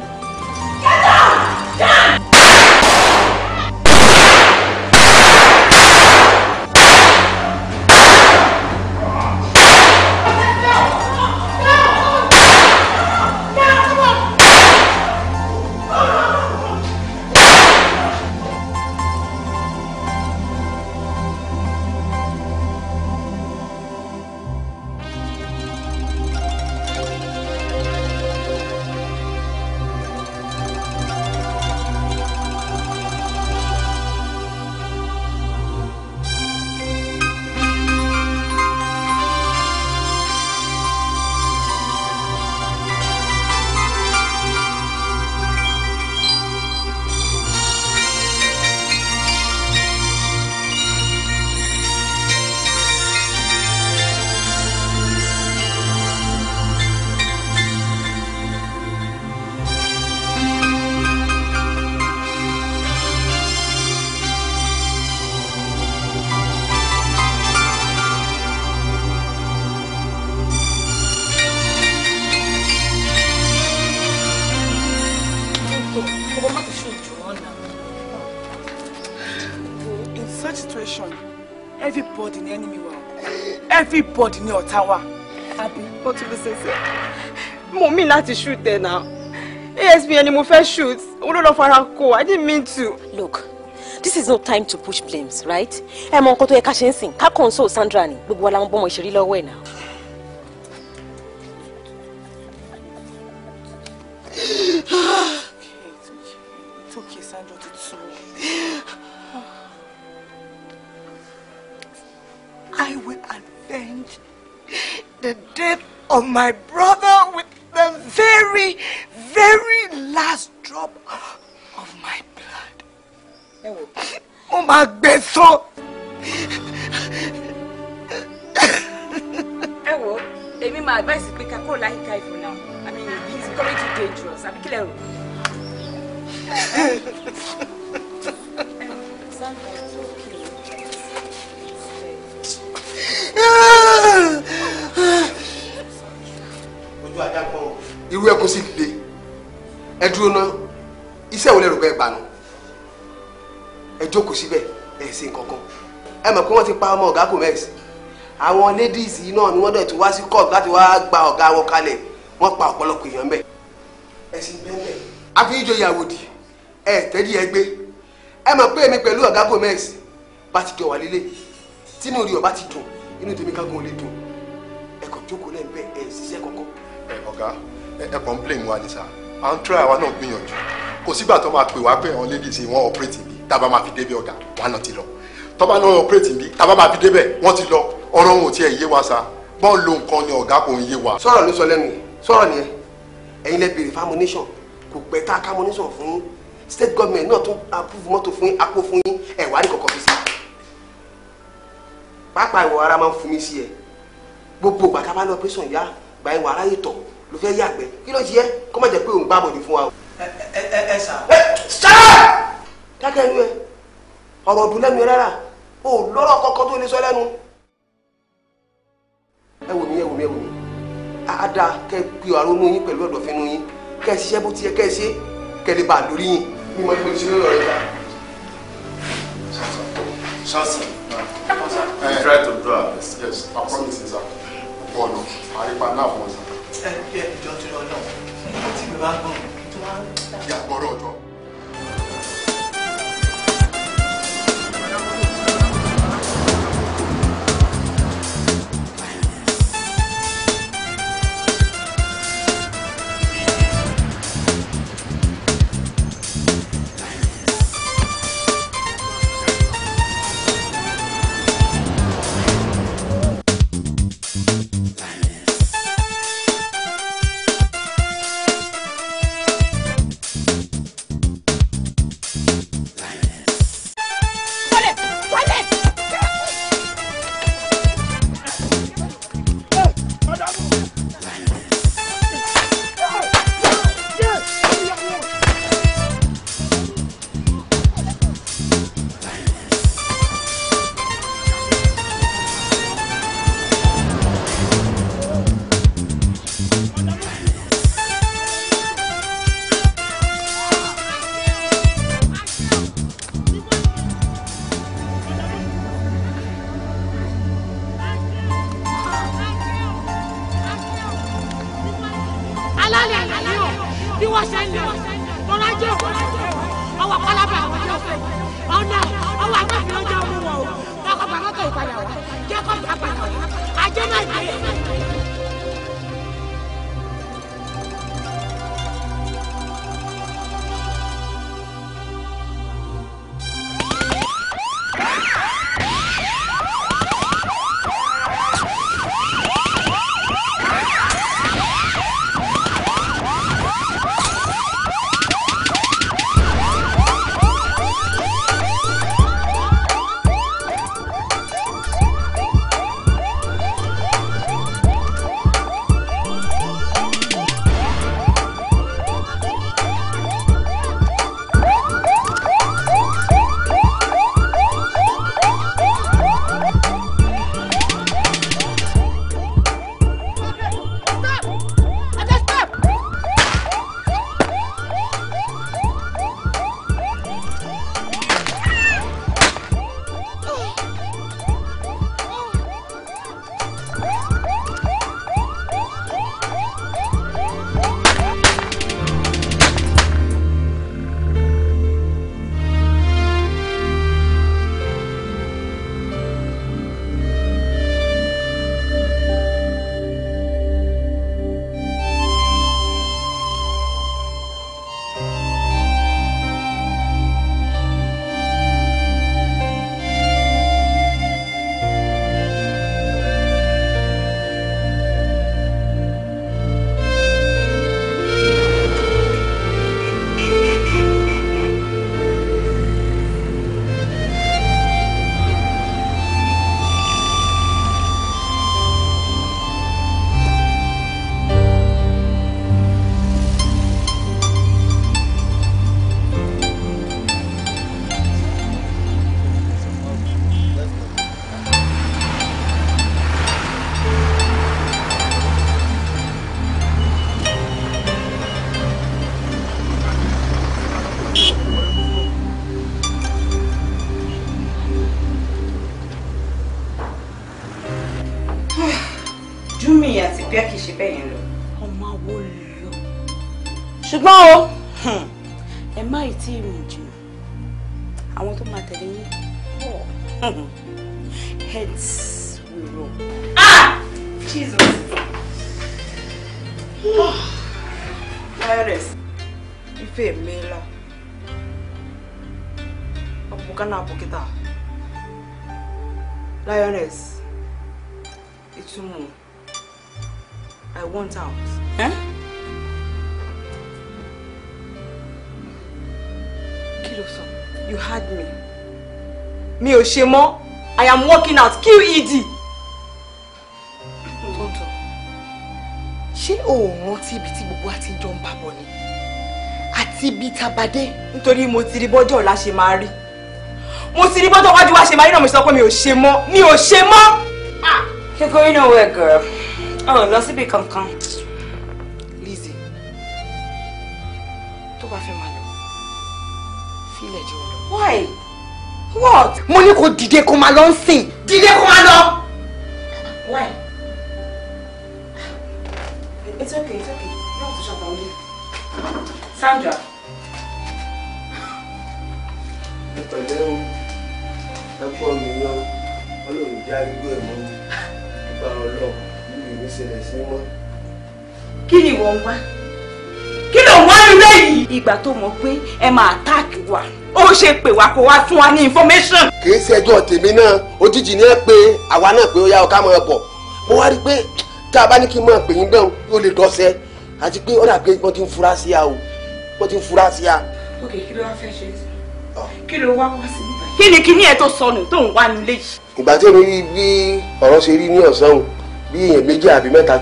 Speaker 2: everybody ní ọ̀tá wa. àbí ó tún lè ṣèṣe mo mí láti shoot there now.
Speaker 3: ASBN ni mo fẹ́ shoot òun ló lọ fara kó I didn't mean to. look this is no time to push blames right I'm mọ nǹkan tó yẹ ká ṣe ń sìn ká console Sandra ni gbogbo wa làwọn bọmọ ìṣeré lọ́wọ́
Speaker 2: will avenge the death of my brother with the very, very last drop of my blood. Oh my
Speaker 4: máa gbẹ sọ.
Speaker 2: Ẹ wo, èmi máa advice pé call like láyìíká for now. I mean, he's very too dangerous. I'm kílẹ̀
Speaker 3: rò. Sounds *laughs*
Speaker 4: like ojú
Speaker 5: ajá pọ̀ irú ẹkún sì le
Speaker 1: ẹ dúró ná iṣẹ́ wo lẹ rò pé ẹ gbà nù ẹ jókòó síbẹ̀ ẹ ṣe nǹkan kan ẹ mọ̀ pé wọ́n ti pa ọmọ ọ̀gá Gomez àwọn ladies yìí náà ni wọ́n dẹ̀ tún wá sí court láti wá gba ọ̀gá wọn kalẹ̀ wọ́n pa ọ̀pọ̀lọpọ̀ èèyàn bẹ́ẹ̀ ẹ̀sìn bẹ́ẹ̀ àfi ìjòyè àwòdì ẹ tẹ́jú ẹ gbé ẹ mọ̀ pé èmi pẹ̀lú ọ̀gá Gomez bá ti jọ wà lílé tínú rí ọba ti dùn inú tèmi kágun ò lè dùn ẹ kàn jókòó lẹ́nu bẹ́ẹ̀ ẹ ṣiṣẹ́ kọ̀ọ̀kan.
Speaker 5: ẹ ọ̀gá ẹ complain wa ni sá à ń try àwa náà gbìyànjú kò sígbà tó máa pè wá pé àwọn ladies wọn operate bí tábà máa fi débi ọ̀gá wa náà ti lọ tọ́ba náà operate bí tábà máa fi débẹ̀ wọ́n ti lọ ọ̀rọ̀ wọn ò tiẹ̀ yé wa sá bọ́ọ̀n lo nǹkan ni ọ̀gá kò ń yé wa. sọ̀rọ̀ ló sọ lẹ́nu sọ̀rọ̀ ni ẹ ẹ̀yin lẹ béèrè fámúnéṣàn
Speaker 1: kò pẹ́ tá a kámúnéṣàn fún state government náà tún approve mọ́tò fún yín apó fún yín ẹ̀ wá ní kọ̀ọ̀kan fi sí i pápá ìwọ ara máa ń fún mi sí ẹ gbogbo ìgbà tá a bá lọ pẹ́sàn ìyá gba ìwà aráyè tọ̀ ló fẹ́ yàgbẹ́ kí ló ṣe é kó má jẹ́ pé òun gbàbọ̀dì fún wa o. ẹ ẹ ẹ ẹ sà. ẹ sà dákẹ́ ẹnu ẹ ọ̀rọ̀ ọ̀dùn lẹ́nu ẹ rárá o lọ́rọ̀ kọ́kọ́ tó lè sọ lẹ́nu. ẹ wò mí ẹ wò mí ẹ wò mí ada kẹ gbé ọ̀rọ̀ nù yín pẹ̀lú ọ̀dọ̀ fínú yín kẹ ṣiṣẹ́ bó ti yẹ kẹ ṣe kẹ lè bá a lórí yín. mi mọ̀ ní mo ti ṣe lọ́rọ̀ rẹ̀ ṣáàsì ẹ try to do our best. yes i promise you sir ọ̀pọ̀ ọ̀nà àrípa náà fún ọ sir. ẹ ẹ ìjọ tí lọ náà tí mi bá gbọ́n mi tó máa
Speaker 3: gbọ́ o
Speaker 2: hmm. ẹ má ì tí ì rìn jìnnà àwọn tó máa tẹ̀lé yín pọ̀ heads will roll. ah jesus iris ife emeela ọpụka na-apụ kịta lioness ịtụmụ i want out. Eh? kí you had me Me oshemo. i am walking out Kill tọ́ntọ́ Tonto. She rántí ibi tí gbogbo àti jọ ń bàbọ̀ ni àti ibi tabadé nítorí mo ti rí bọ́jọ́ ọ̀la mo ti rí bọ́jọ́ wa ṣe máa rí náà mo sọ oshemo. mi oshemo. ṣe ah, you're going nowhere girl. Oh, let's be síbi kankan. Why? What? Mo ní kó dìde kó máa lọ ń sìn. Dìde kó máa lọ. Why? It's okay, it's okay. You don't have to shout out Sandra. Ẹ pẹ̀lẹ́ o,
Speaker 1: ẹ pọ̀ mi lọ, Ọlọ́run jẹ́ arúgbó ẹ̀ mọ́ mi, nípa Ọlọ́run, mi ò
Speaker 2: ní ṣẹlẹ̀ sí mọ́. Kí ni ìwọ ń wá? Kí eléyìí. ìgbà tó mọ̀ pé ẹ máa táàkì wa ó ṣe pè wá kó wá fún wa ní information. kì
Speaker 1: í ṣẹjọ́ tèmi náà òjijì ni ẹ pé àwa náà pé ó yá ọká máa bọ̀ mo wá rí i pé tá a bá ní kí n máa pè yín gbẹ̀hún yóò lè dọ́sẹ̀ àti pé ó dàgbé wọ́n ti ń fura sí a o wọ́n ti ń fura sí a.
Speaker 2: ok kí ló wá fẹ́ ṣe kí ló wá wá sí mi. kí ni kíní ẹ tó sọnù tó ń wá nílé yìí.
Speaker 1: ìgbà tí èmi rí bí ọ̀rọ̀ ṣe rí ní ọ̀sán bí èèyàn méjì àbí mẹ́ta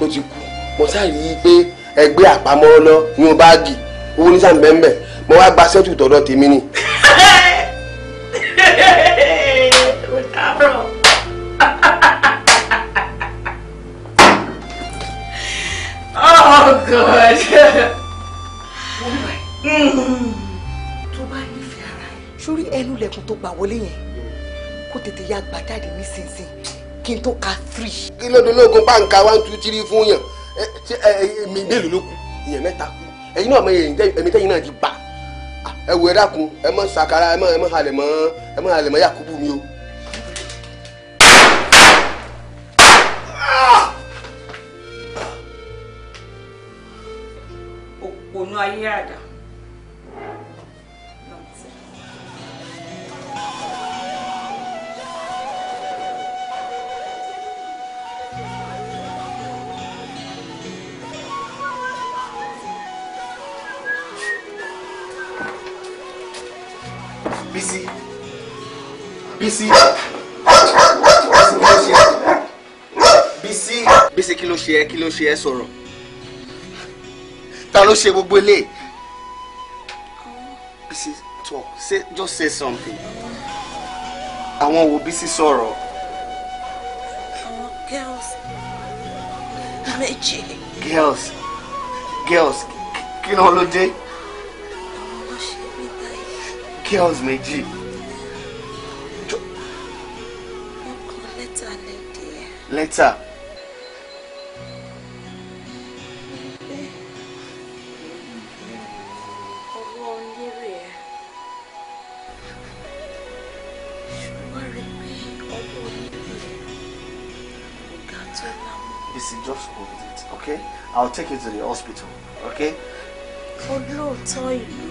Speaker 1: tó ti kú mo sáré yí pé ẹgbẹ́ àpamọ́wọ́ lọ inú báàgì owó ní sàǹbẹ̀ǹbẹ̀ mo wá gba sẹ́tù tọ̀dọ̀ tèmi ni.
Speaker 4: Oh God.
Speaker 2: sórí ẹnu lẹ̀kùn tó gbà wọlé yẹn kó tètè ya gbà nísinsìnyí kí n tó ka three. kí ló dé
Speaker 1: lóògùn bá one two three fún yàn èmi mélòó ló kù èèyàn mẹ́ta kù ẹ̀yin náà mọ èmi tẹ́yìn náà ti bà ẹ wò ẹ dákun ẹ mọ sàkàrà ẹ mọ ẹ mọ halẹ̀ mọ́ ẹ mọ halẹ̀ mọ́ Yakubu mi o.
Speaker 2: òpònú
Speaker 3: ayé àdá.
Speaker 1: BC. BC. BC. ló ṣe ẹ́ bísí bísí kí ló ṣe ẹ́ kí ló ṣe ẹ́ sọ̀rọ̀ ta ló ṣe gbogbo ilé bísí talk say just say something àwọn wo BC sọ̀rọ̀. girls méjì. girls girls kí ni ló dé. girls méjì. Mm -hmm. lẹ́tà. Bisi, just go with it, okay? I'll take you to the hospital, okay?
Speaker 3: Olóòótọ́ *laughs* ìlú.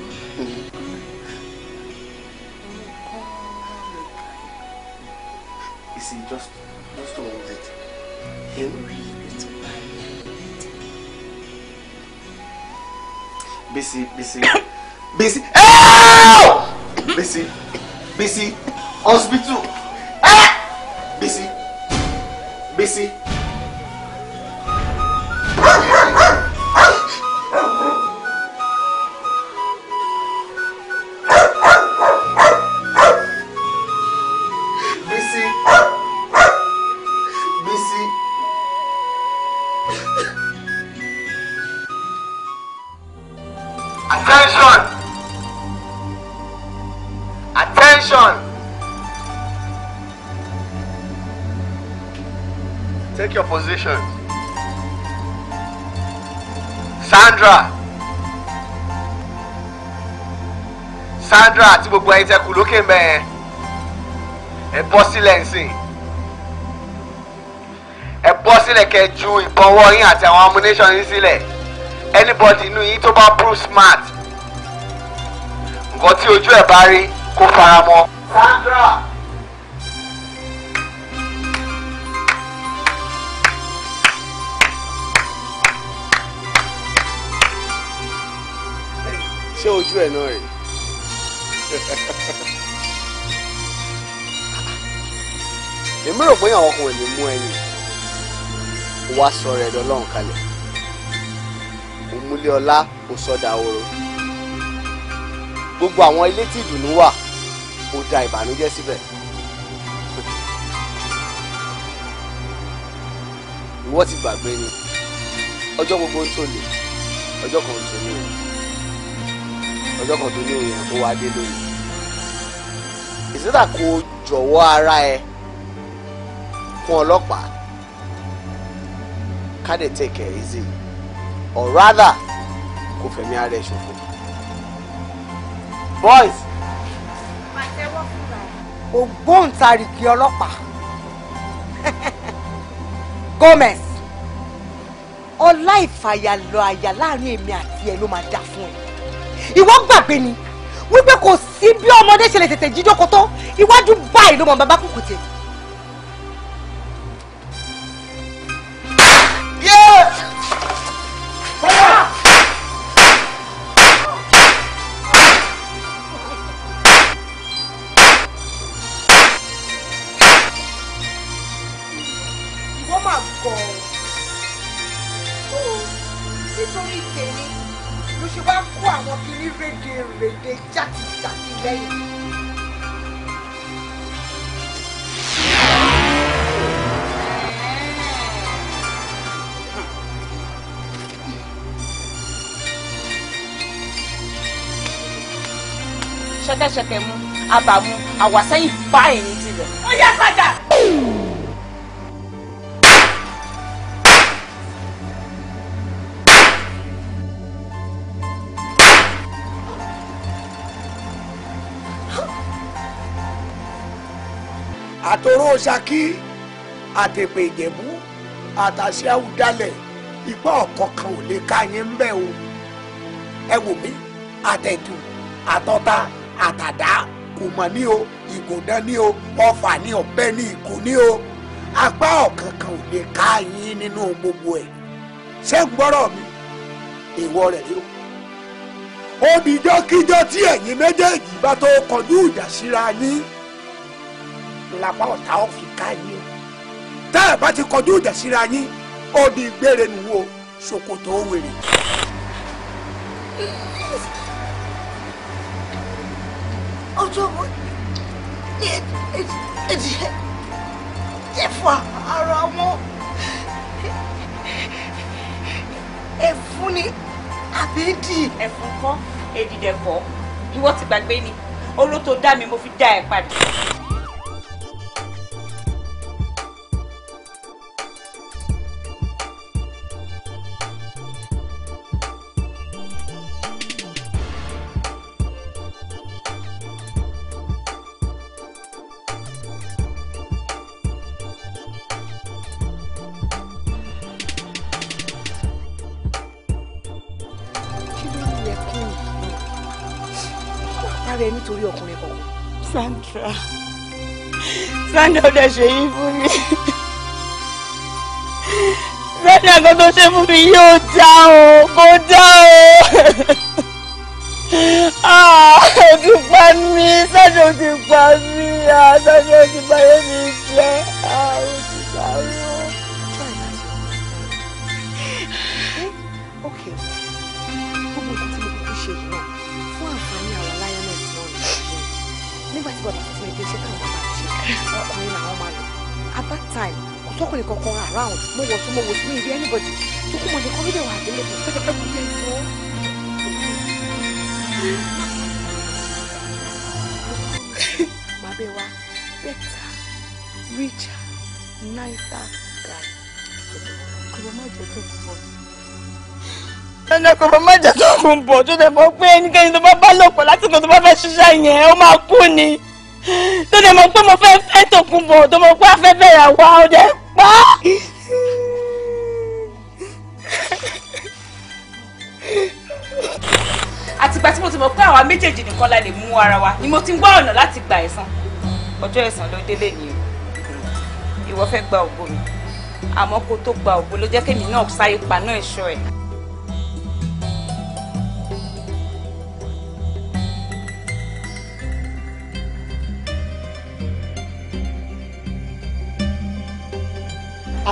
Speaker 7: Bisi, just most of it in
Speaker 1: Bisi, Bisi, *coughs* Bisi, Bisi, Bisi, hospital, *coughs* Bisi, Bisi. Sandra àti gbogbo ẹ̀yin tẹ́ kù lókè mẹ́ẹ̀ ẹ bọ́ sílẹ̀ nsìn ẹ bọ́ sílẹ̀ kẹ́ ju ìbọwọ́ yín àti àwọn ammunition yín sílẹ̀ anybody inú yín tó bá prove smart nǹkan tí ojú ẹ̀ bá rí kó fara mọ́. Sandra. ṣé ojú ẹ̀ náà rèé èmi rò pé àwọn ọkùnrin lè mú ẹ̀yìn wá sọ̀rọ̀ ẹ̀dọ̀ ọlọ́run kalẹ̀ òmùlé ọlá kò sọdà ooro gbogbo àwọn ilé tí ìdùnnú wà ó da ìbànújẹ́ síbẹ̀ ìwọ ti gbàgbé ni ọjọ́ gbogbo ń tò ní ọjọ́ kan ń tò ní ọjọ́ kan tó ní èèyàn tó wá dé lórí ìsídà kò jọ̀wọ́ ara ẹ fún ọlọ́pàá ká dẹ̀ take it easy or rather kò fẹ̀mí ara ẹ̀ ṣòfò
Speaker 2: boys. ògbóǹtarìgì ọlọ́pàá *laughs* Gomez ọlá ìfàyàlọ àyà láàrin èmi àti ẹ ló máa dà fún ẹ ìwọ gbàgbé ni wípé kò sí bí ọmọdé ṣe lè tètè jíjókòó tó iwájú báyìí ló mọ bàbá kùkùté ṣẹkẹṣẹkẹ mu abàmu àwàsẹ́yìn bá ẹ̀yìn tilẹ̀. ó yá padà.
Speaker 1: àtòrò ṣakí àtẹ̀pẹ̀ ìjẹ̀bú àtàṣe àwùdalẹ̀ ipá ọ̀kọ̀ọ̀kan ò lè ká yín ń bẹ̀ o ẹ wò
Speaker 5: mí àtẹ̀tù àtọ́ta àtàdá kùmọ̀ ní o ìgòdán ní o ọfà ní ọ̀bẹ ní ìkù ní o apá ọ̀kankan ò lè ká yín nínú gbogbo ẹ̀ ṣé ń gbọ́rọ̀ mi èèwọ rẹ̀ rí o obìjọ́ kíjọ́ tí ẹ̀yin méjèèjì bá tó kọjú ìjà síra yín làpá ọ̀tá ọ̀fìn ká yín tá ẹ̀ bá ti kọjú ìjà síra yín ó di gbére nù wo ṣòkòtò wèrè
Speaker 2: tó mú ẹ̀jẹ̀ ẹ̀fọ́ ara wọn ẹ̀fún ni àbẹ́dì. ẹ̀fún kọ́ èdìdẹ̀kọ́ ìwọ ti gbàgbé ni oró tó dá mi mo fi dá ẹ padà. àlàáfíà Sunday ọdẹ ṣe yín fún mi Sunday nǹkan tó ṣe fún mi yóò dá o kò dá o ah, ó ti pa mí Sunday ó ti pa mí ah, Sunday ó ti pa yé mi jẹ́. time ọ̀sọ́kùnrin kankan around Come wọ̀ tó mo wò sí ní ibi anybody tó kú mo Come kọ́mídé wà délé mo fẹ́ fẹ́ mi yẹn lọ. Mabe wa better, richer, nicer guy.
Speaker 4: come on! jẹ́ tó ń bọ̀.
Speaker 2: Ẹnlẹ́ kòrò má jẹ́ tó ń bọ̀ tó dẹ̀ mọ́ pé ẹnikẹ́ni tó bá bá lòpọ̀ lásìkò tó bá fẹ́ ṣiṣẹ́ yẹn ó máa kú ni tó dẹ̀ mọ̀ pé mo fẹ́ fẹ́ tòkunbọ̀ tó mọ̀ pé afẹ́fẹ́ ìyàwó ọ̀dẹ̀ pa. àtìgbà tí mo ti mọ̀ pé àwa méjèèjì nìkan la lè mú ara wa ni mo ti ń gbọ́ ọ̀nà láti gba ẹ̀san ọjọ́ ẹ̀san ló délé ni o ìwọ fẹ́ gba ògo mi àmọ́ kó tó gba ògo ló jẹ́ kémi náà sáyé paná ẹ̀ṣọ́ ẹ̀.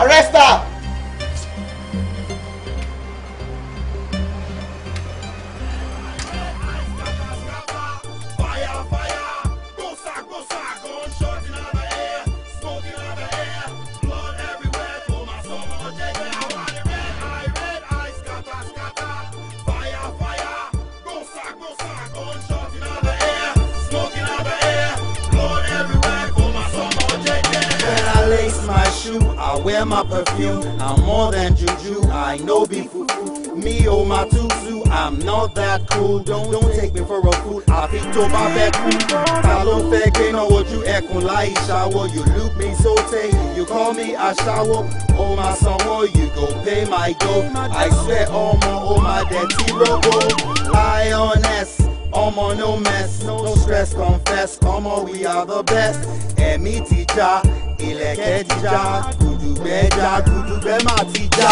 Speaker 1: arrest her
Speaker 4: juju, I wear my perfume. I'm more than juju, I know be fufu. Me oh my tutu, I'm not that cool. Don't don't take me for a fool. I think to my back. I don't you know what you ekun like shower. You look me so tay, you call me a shower. Oh my song oh you go pay my dough. I swear oh my oh my dirty robo. Lioness. Omo, oh, no mess, no stress, confess. Oh, my, we are the best. And me, teacher, ìlẹ̀kẹ̀ ti já gùdùgbẹ́ já gùdùgbẹ́ má ti já.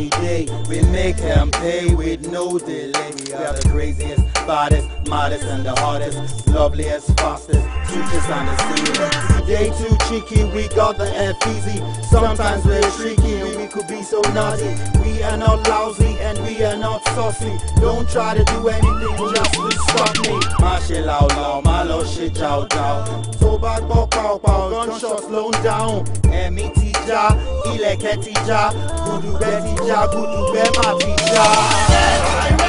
Speaker 4: rainy day. We make them pay with knows it, lady. We are the craziest, baddest, modest, and the hardest, loveliest, fastest, cutest and the scene. They too cheeky, we got the easy. Sometimes we're tricky and we could be so naughty. We are not lousy and we are not saucy. Don't try to do anything just to stop me. Mashe lao lao, malo shit chow chow. So bad bo pow pow, gunshots slow down. M.E.T ja ilẹ̀kẹ̀ ti já gùdùgbẹ́ ti já gùdùgbẹ́ má ti já. I